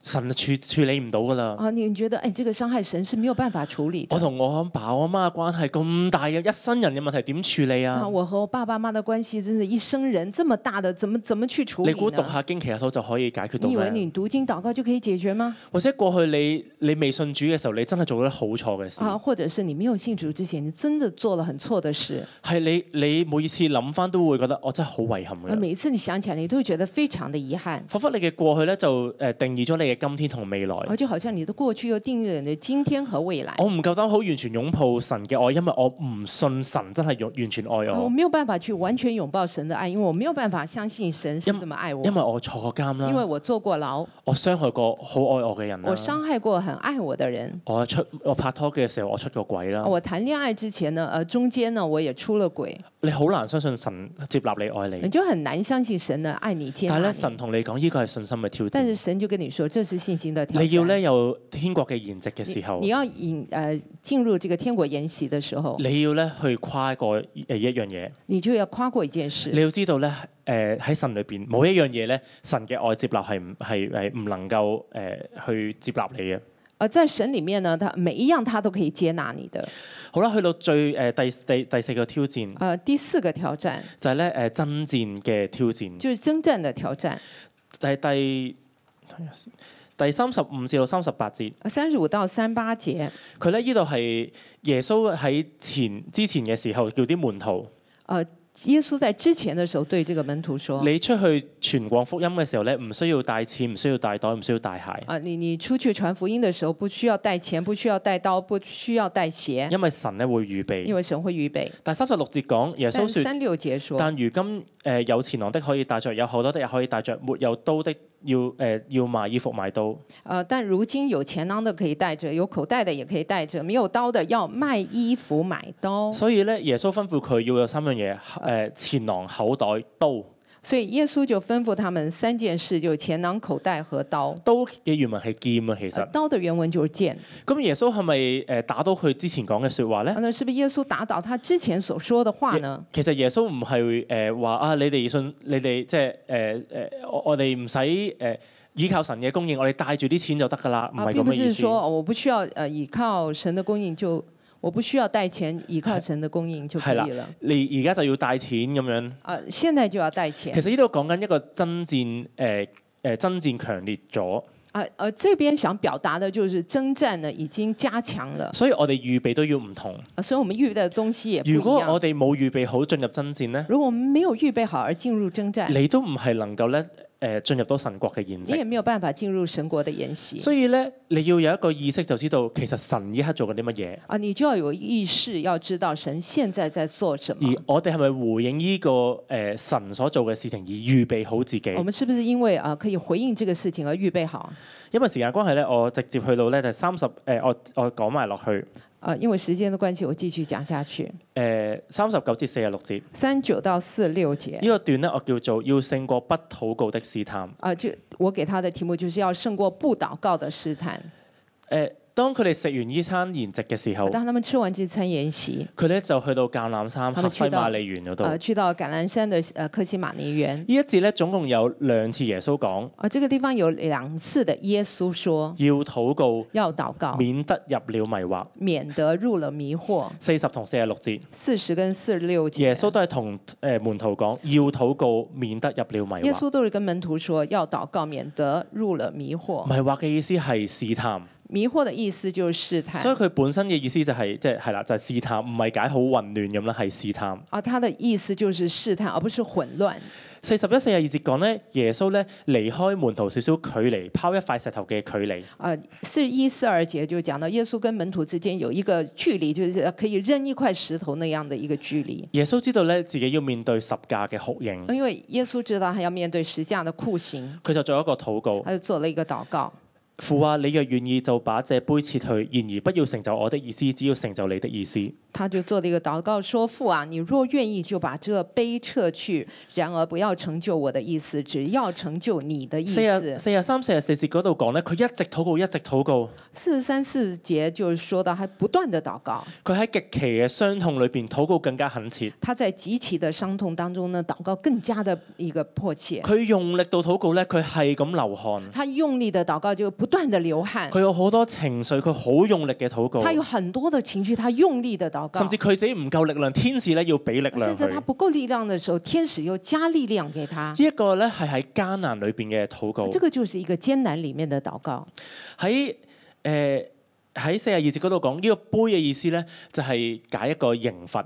神處處理唔到㗎啦。啊，你覺得誒、哎，這個傷害神是沒有辦法處理。我同我阿爸我阿媽嘅關係咁大嘅一生人嘅問題點處理啊？我和我爸爸媽嘅關係真係一生人，這麼大的，怎麼怎麼去處理？你估讀下經其實都就可以解決到咩？你以為你讀經、禱告就可以解決嗎？或者過去你你未信主嘅時候，你真係做咗好錯嘅事，啊。或者是你沒有信主之前，你真的做。做了很錯的事，係你你每一次諗翻都會覺得我真係好遺憾嘅。每一次你想起來，你都會覺得非常的遺憾。仿佛你嘅過去呢，就誒定義咗你嘅今天同未來。我就好像你的過去又定義咗你的今天和未來。我唔夠膽好完全擁抱神嘅愛，因為我唔信神真係擁完全愛我。我沒有辦法去完全擁抱神的愛，因為我沒有辦法相信神是這麼愛我。因,因為我坐過監啦，因為我坐過牢，我傷害過好愛我嘅人，我傷害過很愛我的人。我出我拍拖嘅時候我出過軌啦，我談戀愛之前呢？中間呢，我也出了軌。你好難相信神接納你、愛你，你就很難相信神呢愛你，你但係咧，神同你講呢個係信心嘅挑戰。但是神就跟你說，這是信心的挑戰。你要咧有天國嘅筵席嘅時候，你要引誒進入這個天國筵席嘅時候，你要咧去跨過誒一樣嘢，你就要跨過一件事。你要知道咧，誒喺神裏邊冇一樣嘢咧，神嘅愛接納係唔係誒唔能夠誒去接納你嘅。呃，在神裡面呢，他每一樣他都可以接納你的。好啦，去到最誒、呃、第第第四個挑戰。呃，第四個挑戰就係咧誒征戰嘅挑戰，就係征戰嘅挑戰。就係第睇下先，第三十五至到三十八節。三十五到三八節。佢咧呢度係耶穌喺前之前嘅時候叫啲門徒。誒、呃。耶穌在之前的時候對這個門徒說，你出去傳廣福音嘅時候咧，唔需要帶錢，唔需要帶袋，唔需要帶鞋。啊，你你出去傳福音嘅時候，不需要帶錢，不需要帶刀，不需要帶鞋，因為神咧會預備。因為神會預備。但三十六節講耶穌說，但三六節說，但如今誒、呃、有錢囊的可以帶着，有好多的也可以帶着，沒有刀的。要誒、呃、要賣衣服買刀，誒、呃、但如今有錢囊的可以帶着，有口袋的也可以帶着，沒有刀的要賣衣服買刀。所以咧，耶穌吩咐佢要有三樣嘢，誒錢囊、口袋、刀。所以耶穌就吩咐他們三件事，就錢囊、口袋和刀。刀嘅原文係劍啊，其實、啊。刀的原文就是劍。咁耶穌係咪誒打到佢之前講嘅說話咧、啊？那是不是耶穌打倒他之前所說的話呢？其實耶穌唔係誒話啊，你哋信，你哋即係誒誒，我哋唔使誒依靠神嘅供應，我哋帶住啲錢就得噶啦，唔係咁嘅意思。啊、並不是說我不需要誒依、呃、靠神的供應就。我不需要帶錢，依靠神的供應就可以了。你而家就要帶錢咁樣。啊、呃，現在就要帶錢。其實呢度講緊一個爭戰，誒、呃、誒爭戰強烈咗。啊、呃、啊，這邊想表達的就是爭戰呢已經加強了。所以我哋預備都要唔同、呃。所以我們預備嘅東西也不。如果我哋冇預備好進入爭戰呢？如果我們沒有預備好而進入爭戰，你都唔係能夠咧。誒進入到神國嘅宴席，你亦沒有辦法進入神國嘅宴席。所以咧，你要有一個意識，就知道其實神依刻做緊啲乜嘢。啊，你就要有意識，要知道神現在在做什麼。而我哋係咪回應呢、這個誒、呃、神所做嘅事情，而預備好自己？我們是不是因為啊、呃、可以回應這個事情而預備好？因為時間關係咧，我直接去到咧就三十誒，我我講埋落去。因為時間的關係，我繼續講下去。誒、呃，三十九至四十六節。三九到四六節呢個段呢，我叫做要勝過不禱告的試探。啊、呃，就我給他的題目就是要勝過不禱告的試探。誒、呃。當佢哋食完呢餐筵席嘅時候，當他們吃完這餐筵席，佢咧就去到橄欖山克西瑪尼園嗰度。啊，去到橄欖山嘅誒克西瑪尼園。呢一節咧總共有兩次耶穌講，啊，這個地方有兩次嘅耶穌說要禱告，要禱告，免得入了迷惑，免得入了迷惑。四十同四十六節，四十跟四十六節，耶穌都係同誒門徒講要禱告，免得入了迷惑。耶穌都係跟門徒說要禱告，免得入了迷惑。迷惑嘅意思係試探。迷惑的意思就是試探，所以佢本身嘅意思就係即係啦，就係、是就是、試探，唔係解好混亂咁啦，係試探。啊，他的意思就是試探，而不是混亂。四十一、四十二節講呢：「耶穌咧離開門徒少少距離，拋一塊石頭嘅距離。」啊、呃，四一、四二節就講到耶穌跟門徒之間有一個距離，就是可以扔一塊石頭那樣的一個距離。耶穌知道咧自己要面對十架嘅酷刑，因為耶穌知道他要面對十架嘅酷刑，佢就做一個禱告，佢就做了一個禱告。父啊：你若願意，就把這杯撤去。然而，不要成就我的意思，只要成就你的意思。他就做了一個禱告，說父啊，你若願意就把這杯撤去，然而不要成就我的意思，只要成就你的意思。四十三、四十四節嗰度講呢，佢一直禱告，一直禱告。四十三、四節就說到，還不斷的禱告。佢喺極其嘅傷痛裏邊禱告，更加懇切。他在極其的傷痛當中呢，禱告更加的一個迫切。佢用力到禱告呢，佢係咁流汗。他用力的禱告就不斷的流汗。佢有好多情緒，佢好用力嘅禱告。他有很多的情緒，他用力的禱。甚至佢自己唔夠力量，天使咧要俾力量。甚至他不夠力量的時候，天使要加力量給他。這個，呢一個咧係喺艱難裏邊嘅禱告。呢、啊，這個就是一個艱難裏面的禱告。喺誒喺四十二節嗰度講呢個杯嘅意思咧，就係、是、解一個刑罰。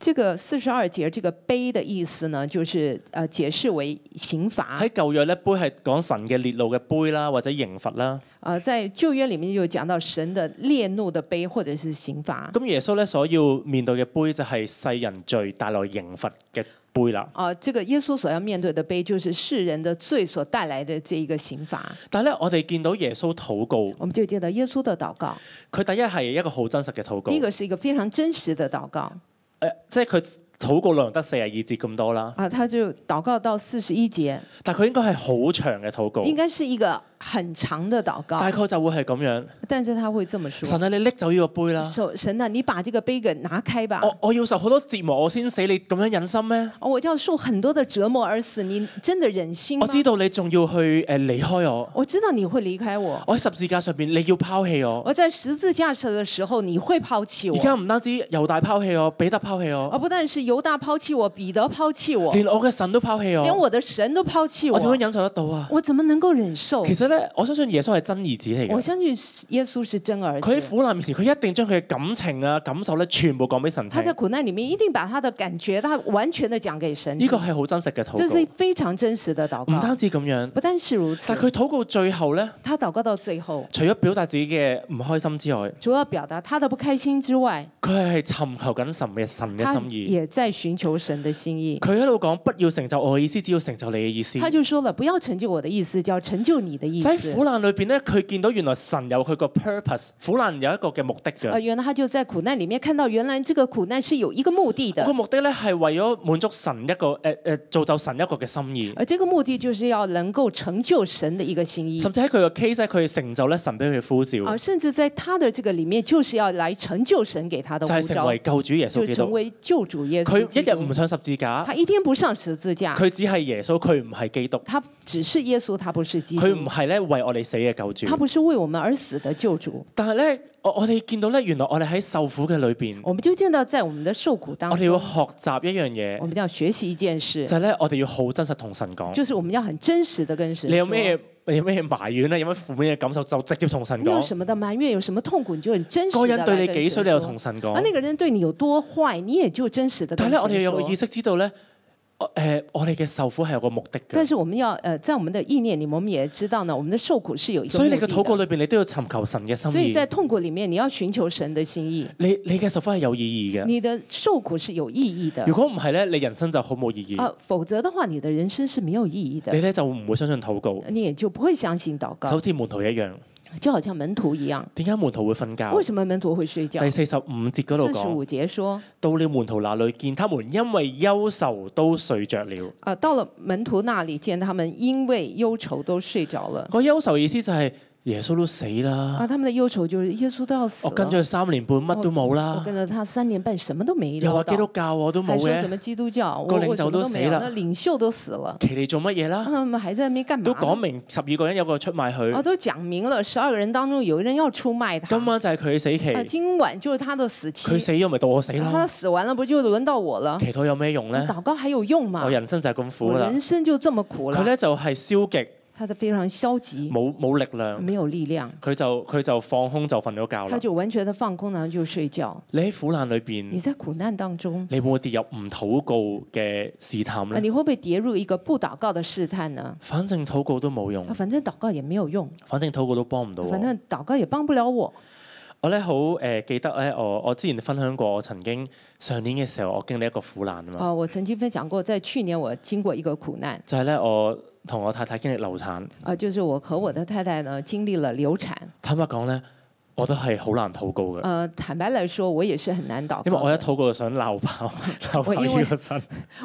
這個四十二節這個杯的意思呢，就是誒、呃、解釋為刑罰。喺舊約呢，杯係講神嘅烈怒嘅杯啦，或者刑罰啦。啊、呃，在舊約裏面就講到神的烈怒的杯，或者是刑罰。咁耶穌咧所要面對嘅杯就係世人罪帶來刑罰嘅杯啦。哦、呃，這個耶穌所要面對的杯就是世人的罪所帶來的這一個刑罰。但係咧，我哋見到耶穌禱告，我們就見到耶穌的禱告。佢第一係一個好真實嘅禱告，呢個是一個非常真實嘅禱告。誒、呃，即係佢禱告量得四十二節咁多啦。啊，他就禱告到四十一節。但係佢應該係好長嘅禱告。應該是一個。很長的禱告，大概就會係咁樣。但是他會這麼說：神啊，你拎走呢個杯啦。神啊，你把這個杯給拿開吧。我我要受好多折磨，我先死，你咁樣忍心咩？我要受很多的折磨而死，你真的忍心？我知道你仲要去誒離開我。我知道你會離開我。我喺十字架上邊，你要拋棄我。我在十字架上嘅時候，你會拋棄我。而家唔單止猶大拋棄我，彼得拋棄我。而不但是猶大拋棄我，彼得拋棄我，連我嘅神，神都拋棄我。連我的神都拋棄我，我點樣忍受得到啊？我怎麼能夠忍受？其實。我相信耶穌係真兒子嚟嘅。我相信耶穌是真兒子。佢喺苦難面前，佢一定將佢嘅感情啊感受咧，全部講俾神聽。他在苦難裏面一定把他的感覺，他完全的講給神。呢個係好真實嘅禱告，就是非常真實嘅禱告。唔單止咁樣，不單是如此。但佢禱告最後咧，他禱告到最後，除咗表達自己嘅唔開心之外，除咗表達他的不開心之外，佢係尋求緊神嘅神嘅心意，也在尋求神嘅心意。佢喺度講，不要成就我嘅意思，只要成就你嘅意思。他就說了，不要成就我的意思，就要成就你的意思。就是，在苦難裏邊呢，佢見到，原來神有佢個 purpose，苦難有一個嘅目的嘅。原來他就在苦難裏面看到，原來這個苦難是有一個目的的。這個目的呢，係為咗滿足神一個誒誒造就神一個嘅心意。而這個目的就是要能夠成就神的一個心意。甚至喺佢嘅 case 咧，佢成就咧神俾佢呼召。甚至在他的這個裏面，就是要來成就神給他的呼召。就係，是，成為救主耶穌基督。成為救主耶穌。佢一日唔上十字架。他一天不上十字架。佢只係耶穌，佢唔係基督。他只是耶穌，他不是基督。佢唔係。咧為我哋死嘅救主，佢不是為我們而死的救主。但係咧，我我哋見到咧，原來我哋喺受苦嘅裏邊，我們就見到在我們嘅受苦當中，我哋要學習一樣嘢，我們要學習一件事，就係、是、咧，我哋要好真實同神講，就是我們要很真實的跟神。你有咩？你有咩埋怨咧？有咩負面嘅感受就直接同神講。你有什麼的埋怨，有什麼痛苦，你就很真實的。個人對你幾衰，你又同神講。啊，那個人對你有多壞，你也就真實的。但係咧，我哋要有意識知道咧。我、呃、誒，我哋嘅受苦係有個目的嘅。但是我們要誒、呃，在我們嘅意念裏，我們也知道呢，我們的受苦是有一個目的的。所以你嘅禱告裏邊，你都要尋求神嘅心意。所以在痛苦裏面，你要尋求神嘅心意。你你嘅受苦係有意義嘅。你嘅受苦是有意義嘅。如果唔係咧，你人生就好冇意義。啊、否則的話，你的人生是沒有意義的。你咧就唔會相信禱告。你也就不會相信禱告。好似門徒一樣。就好像門徒一樣，點解門徒會瞓覺？為什麼門徒會睡覺？第四十五節嗰度講，四十五節說，到了門徒那裏見他們因為憂愁都睡着了。啊，到了門徒那裏見他們因為憂愁都睡着了。個憂愁意思就係、是。耶穌都死啦、啊！他們的憂愁就是耶穌都要死了。我跟咗佢三年半，乜都冇啦。我跟咗佢三年半，什麼都沒。又話基督教我都冇。還說什麼基督教？個我我什麼都沒。領袖都死了。領袖都死了。做乜嘢啦？他們還在那邊幹嘛？都講明十二個人有個出賣佢、啊。都講明了，十二個人當中有一個人要出賣他。今晚就係佢死期。今晚就是他的死期。佢、啊、死咗咪到我死咯？他死完了，不就輪到我了？祈禱有咩用呢？禱告還有用嘛？我人生就係咁苦啦。我人生就這麼苦啦。佢呢就係、是、消極。他就非常消極，冇冇力量，沒有力量，佢就佢就放空就瞓咗覺啦。佢就完全的放空，然後就睡覺。你喺苦難裏邊，你在苦難當中，你會唔會跌入唔禱告嘅試探咧？你會不會跌入一個不禱告嘅試探呢？反正禱告都冇用，反正禱告也沒有用，反正禱告都幫唔到我，反正禱告也幫不了我。我咧好誒、呃、記得咧，我我之前分享過，我曾經上年嘅時候，我經歷一個苦難啊嘛。啊、呃，我曾經分享過，在去年我經過一個苦難，就係、是、咧我同我太太經歷流產。啊、呃，就是我和我的太太呢經歷了流產。坦白講咧，我都係好難禱告嘅。誒、呃，坦白來說，我也是很難禱告。因為我一禱告就想鬧爆、呢個神，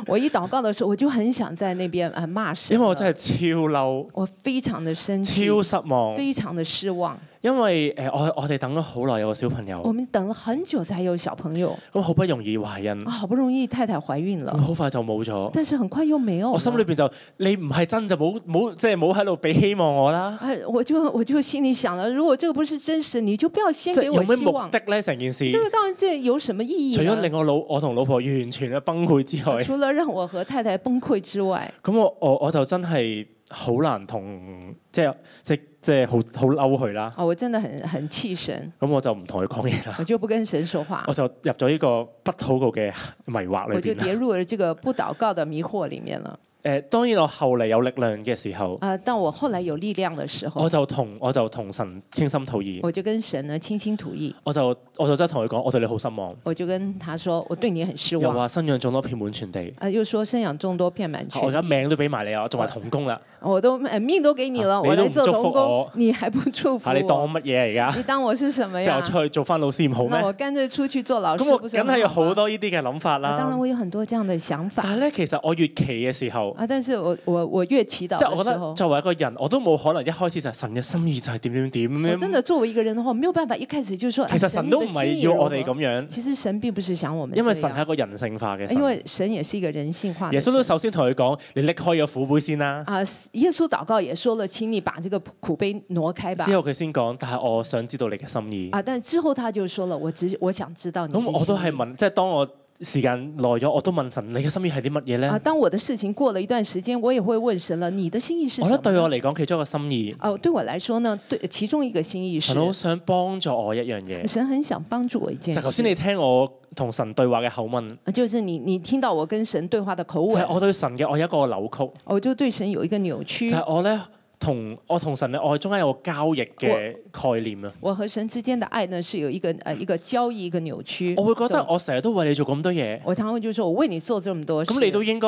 我一禱告嘅時候，我就很想在那邊啊罵神。因為我真係超嬲，我非常的生氣，超失望，非常的失望。因為誒、呃，我我哋等咗好耐有個小朋友。我們等了很久才有小朋友。咁好不容易懷孕、啊。好不容易太太懷孕了。好快就冇咗。但是很快又沒有。我心裏邊就，你唔係真就冇冇，即係冇喺度俾希望我啦、啊。我就我就心裏想了，如果這個不是真實，你就不要先給我希望。有咩目的咧？成件事。這個當然，這有什麼意義？除咗令我老，我同老婆完全嘅崩潰之外、啊，除了讓我和太太崩潰之外。咁、嗯、我我我就真係。好難同即係即即係好好嬲佢啦！哦，我真的很很氣神。咁我就唔同佢講嘢啦。我就不跟神說話。我就入咗呢個不禱告嘅迷惑裏面。我就跌入了這個不禱告的迷惑裏面了。 [laughs] 誒當然我後嚟有力量嘅時候，啊！但我後來有力量嘅時候，我就同我就同神傾心吐意我，我就跟神呢傾心吐意，我就我就真係同佢講，我對你好失望，我就跟佢講，我對你很失望，又話生養眾多遍滿全地，又說生養眾多遍滿全、地、啊滿全地啊，我而家命都俾埋你啊，仲話同工啦，我都命都給你了，啊、我都、都、啊、不我我做同工，你都唔祝福我你還不祝福、啊、你當我乜嘢而家？你當我係什麼呀、啊？就出去做翻老師唔好嗎，我跟住出去做老師，咁我梗係 [laughs] 有好多呢啲嘅諗法啦、啊。當然我有很多這樣嘅想法。但係咧，其實我越期嘅時候。啊！但是我我我越祈禱，即係我覺得作為一個人，我都冇可能一開始就係神嘅心意就係點點點。我真的作為一個人嘅話，沒有辦法一開始就說。其實神，神都唔係要我哋咁樣。其實神並不是想我們這樣。因為神係一個人性化嘅神。因為神也是一個人性化。耶穌都首先同佢講，你拎開個苦杯先啦。啊！耶穌禱告也說了，請你把這個苦杯挪開吧。之後佢先講，但係我想知道你嘅心意。啊！但之後他就說了，我只我想知道你的心意。咁、嗯、我都係問，即係當我。時間耐咗，我都問神，你嘅心意係啲乜嘢呢？啊，當我的事情過了一段時間，我也會問神了，你的心意是什麼？我覺得對我嚟講，其中一個心意。哦，對我來說呢，對其中一個心意是。神好想幫助我一樣嘢。神很想幫助我一件，想我一件。就頭、是、先你聽我同神對話嘅口吻。就是你你聽到我跟神對話嘅口吻。就是、我對神嘅我有一個扭曲。我、哦、就對神有一個扭曲。就是、我咧。同我同神嘅愛中間有個交易嘅概念啊！我和神之間嘅愛呢，是有一個誒、呃、一個交易，一個扭曲。我會覺得我成日都為你做咁多嘢。我常常就係我為你做咁多事。咁你都應該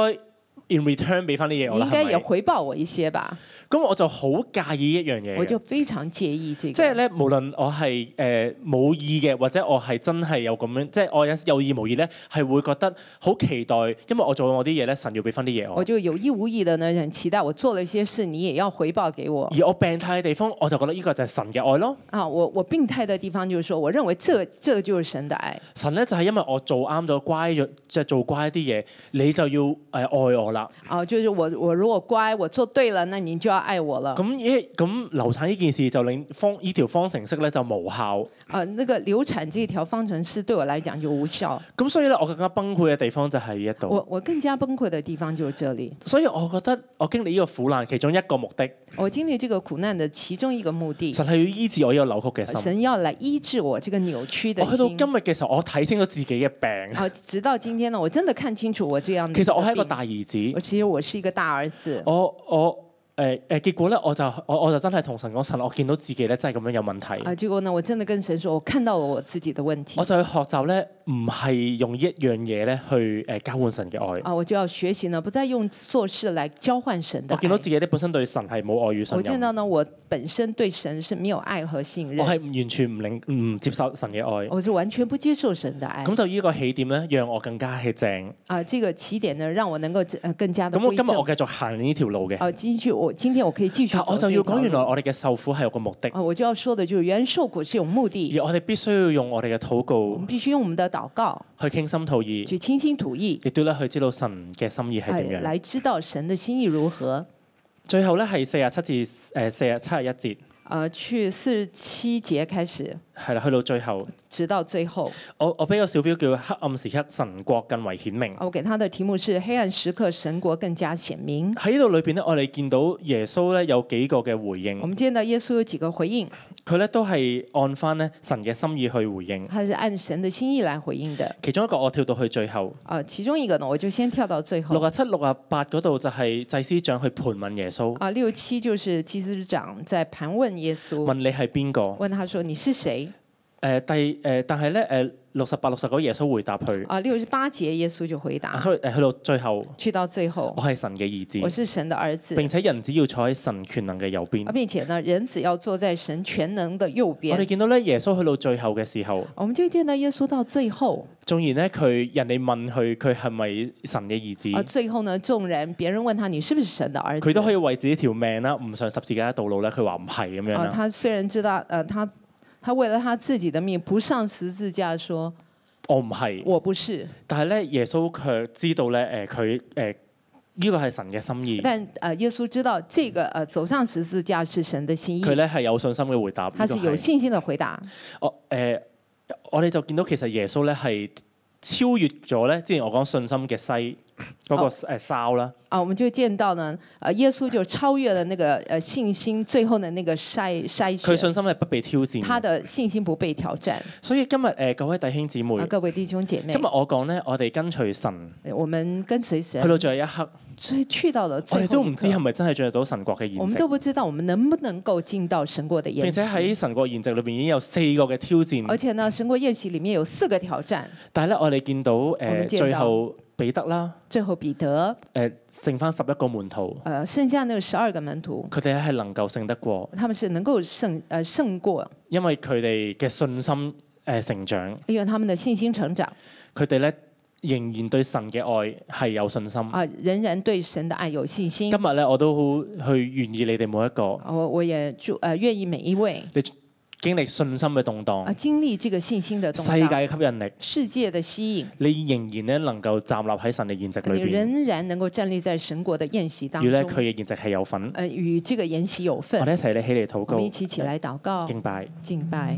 in return 俾翻啲嘢我。你應該也回報我一些吧。 [laughs] 咁我就好介意一樣嘢，我就非常介意、這個、即係咧，無論我係誒、呃、無意嘅，或者我係真係有咁樣，即係我有意無意咧，係會覺得好期待，因為我做我啲嘢咧，神要俾翻啲嘢我。我就有意無意嘅呢樣期待，我做了一些事，你也要回報給我。而我病態嘅地方，我就覺得呢個就係神嘅愛咯。啊，我我病態嘅地方就是說，我認為這這就是神嘅愛。神咧就係、是、因為我做啱咗、乖咗，即係做乖啲嘢，你就要誒、呃、愛我啦。啊，就是我我如果乖，我做對了，那你就要愛我了。咁依咁流產呢件事就令方呢條方程式咧就無效。啊、呃，那個流產這條方程式對我嚟講就無效。咁、嗯嗯、所以咧，我更加崩潰嘅地方就喺一度。我我更加崩潰嘅地方就係這裏。所以我覺得我經歷呢個苦難其中一個目的，我經歷這個苦難嘅其中一個目的，就係要醫治我呢個扭曲嘅心。神要嚟醫治我這個扭曲嘅心。我喺到今日嘅時候，我睇清咗自己嘅病。 [laughs] 直到今天呢，我真的看清楚我這樣。其實我係一個大兒子。我其實我是一個大兒子。我我。誒、哎、誒，結果咧，我就我我就真係同神講神，我見到自己咧真係咁樣有問題。啊，結果呢，我真係跟神說，我看到我自己的問題。我就去學習咧。唔係用一樣嘢咧去誒交換神嘅愛。啊，我就要學習呢，不再用做事來交換神的。我見到自己咧本身對神係冇愛與信任。我見到呢，我本身對神是沒有愛和信任。我係完全唔領唔，嗯、接受神嘅愛，啊。我就完全不接受神嘅愛。咁就依個起點咧，讓我更加係正。啊，這個起點呢，讓我能夠更加。咁我今日我繼續行呢條路嘅。啊，繼續我今天我可以繼續。我就要講原來我哋嘅受苦係有個目的，啊。我就要說的就係原來受苦是有目的。而我哋必須要用我哋嘅禱告。必須用我們的。禱告去傾心吐意，去傾心吐意，亦都咧去知道神嘅心意係點樣，來知道神嘅心意如何。最後咧係四十七至誒四十七一節，啊、呃，去四十七節開始。係啦，去到最後，直到最後。我我俾個小標叫《黑暗時刻，神國更為顯明》。我給他的題目是《黑暗時刻，神國更加顯明》。喺呢度裏邊呢，我哋見到耶穌咧有幾個嘅回應。我們見到耶穌有幾個回應？佢咧都係按翻咧神嘅心意去回應。他是按神嘅心意來回應嘅。其中一個我跳到去最後。啊、呃，其中一個呢，我就先跳到最後。六啊七、六啊八嗰度就係祭司長去盤問耶穌。啊、呃，六七就是祭司長在盤問耶穌。問你係邊個？問他說你是誰？誒，第誒，但係咧，誒、呃，六十八、六十九，68, 69, 耶穌回答佢。啊，六十八節，耶穌就回答。去，到最後。去到最後。我係神嘅兒子。我是神的兒子。並且人只要坐喺神全能嘅右邊。並且呢，人只要坐在神全能的右邊。我哋見到咧，耶穌去到最後嘅時候。我們就見到耶穌到最後。縱然呢，佢人哋問佢，佢係咪神嘅兒子？啊，最後呢，眾人別人問他，你是不是神的兒子？佢都可以爲自己條命啦，唔上十字架道路咧，佢話唔係咁樣。啊，他雖然知道，誒、呃，他。他為了他自己的命不上十字架說，說我唔係，我不是。但係咧，耶穌卻知道咧，誒、呃，佢誒呢個係神嘅心意。但誒，耶穌知道這個誒、呃，走上十字架是神嘅心意。佢咧係有信心嘅回答、這個。他是有信心的回答。我、哦、誒、呃，我哋就見到其實耶穌咧係超越咗咧，之前我講信心嘅西。嗰、那個誒篩啦，啊，我們就見到呢，誒，耶穌就超越了那個誒信心，最後呢，那個篩篩佢信心係不被挑戰，他的信心不被挑戰。所以今日誒、呃、各位弟兄姊妹、啊，各位弟兄姐妹，今日我講呢，我哋跟隨神，我們跟隨神，去到最後一刻，最去到了，我哋都唔知係咪真係進入到神國嘅宴席，我們都不知道是不是，我們都不知道我們能不能夠進到神國嘅宴席，並且喺神國宴席裏邊已經有四個嘅挑戰，而且呢，神國宴席裏面有四個挑戰。但係咧，我哋見到誒、呃、最後。彼得啦，最後彼得誒、呃、剩翻十一個門徒，誒、呃、剩下呢十二個門徒，佢哋係能夠勝得過，他們是能夠勝誒、呃、勝過，因為佢哋嘅信心誒、呃、成長，因為他們嘅信心成長，佢哋咧仍然對神嘅愛係有信心，啊、呃、仍然對神嘅愛有信心，今日咧我都好去願意你哋每一個，我、呃、我也祝誒呃、願意每一位。經歷信心嘅動蕩，啊！經歷這個信心的動蕩。世界嘅吸引力，世界的吸引，你仍然咧能夠站立喺神嘅宴席裏邊，你仍然能夠站立在神國嘅宴席當中，與咧佢嘅宴席係有份，誒，與這個宴席有份。我哋一齊咧起來禱告，我們一起起來禱告，敬拜，敬拜。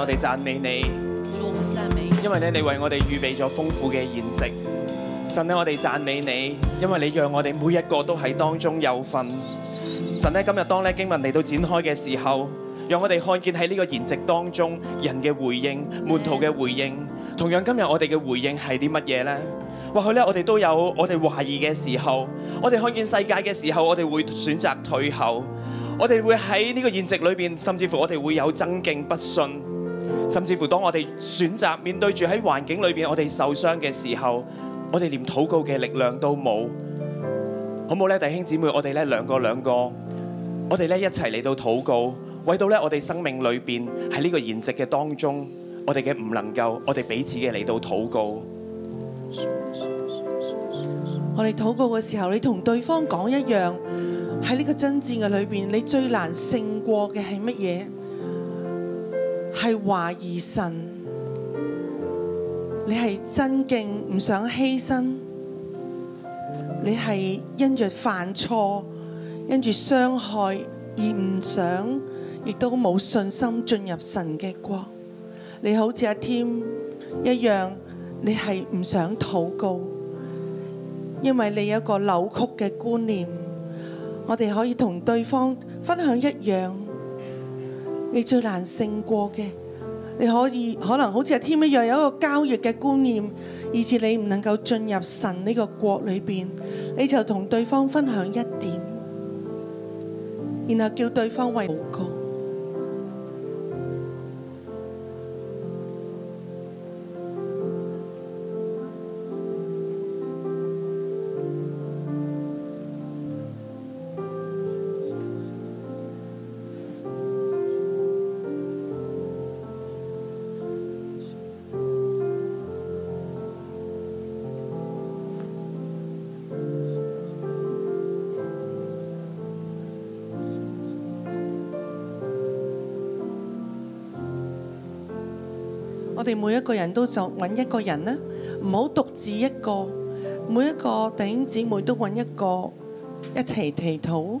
我哋讚美你，因為咧你為我哋預備咗豐富嘅筵席。神咧，我哋讚美你，因為你讓我哋每一個都喺當中有份。神咧，今日當咧經文嚟到展開嘅時候，讓我哋看見喺呢個筵席當中人嘅回應，門徒嘅回應。同樣今日我哋嘅回應係啲乜嘢呢？或許咧我哋都有我哋懷疑嘅時候，我哋看見世界嘅時候，我哋會選擇退後，我哋會喺呢個筵席裏邊，甚至乎我哋會有增敬不信。甚至乎當我哋選擇面對住喺環境裏邊，我哋受傷嘅時候，我哋連禱告嘅力量都冇。好冇咧，弟兄姊妹，我哋咧兩個兩個，我哋咧一齊嚟到禱告，為到咧我哋生命裏邊喺呢個筵席嘅當中，我哋嘅唔能夠，我哋彼此嘅嚟到禱告。我哋禱告嘅時候，你同對方講一樣，喺呢個爭戰嘅裏邊，你最難勝過嘅係乜嘢？係懷疑神，你係真正唔想犧牲，你係因着犯錯，因住傷害而唔想，亦都冇信心進入神嘅國。 [noise] 你好似阿添一樣，你係唔想禱告，因為你有一個扭曲嘅觀念。我哋可以同對方分享一樣。你最難勝過嘅，你可以可能好似係天一樣有一個交易嘅觀念，以致你唔能夠進入神呢個國裏邊，你就同對方分享一點，然後叫對方為你禱告。我哋每一個人都想揾一個人咧，唔好獨自一個，每一個弟兄姊妹都揾一個一起，一齊祈禱。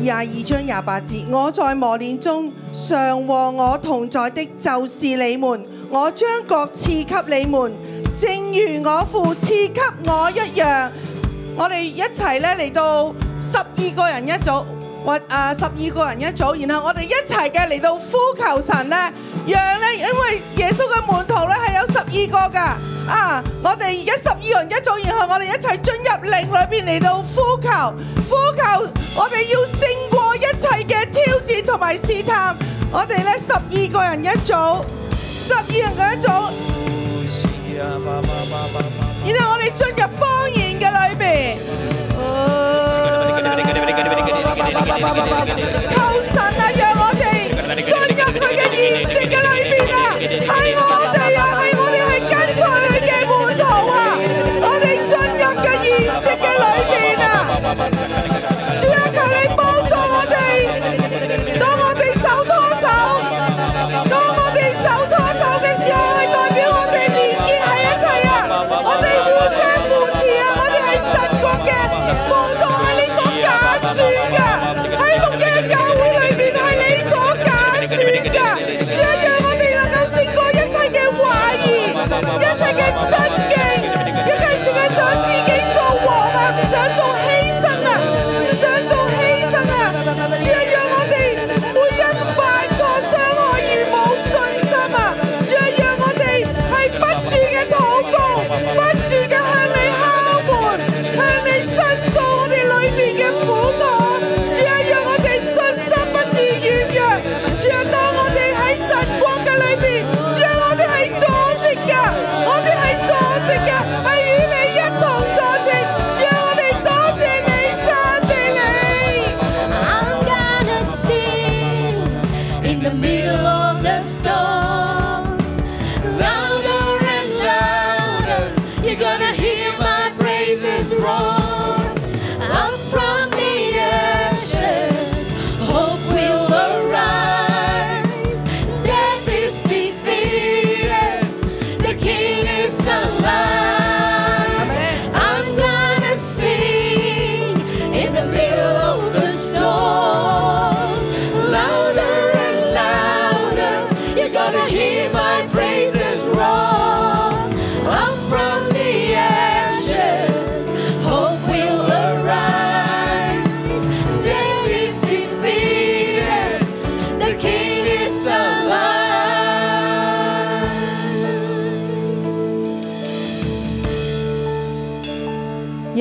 廿二章廿八節，我在磨練中常和我同在的，就是你們。我將國賜給你們，正如我父賜給我一樣。我哋一齊咧嚟到十二個人一組或誒十二個人一組，然後我哋一齊嘅嚟到呼求神咧，讓咧，因為耶穌嘅門徒咧係有十二個噶。啊！我哋而家十二人一組，然後我哋一齊進入靈裏邊嚟到呼求，呼求我哋要勝過一切嘅挑戰同埋試探。我哋咧十二個人一組，十二人嘅一組，然後我哋進入方言嘅裏邊。求神啊，讓我哋進入佢嘅意念。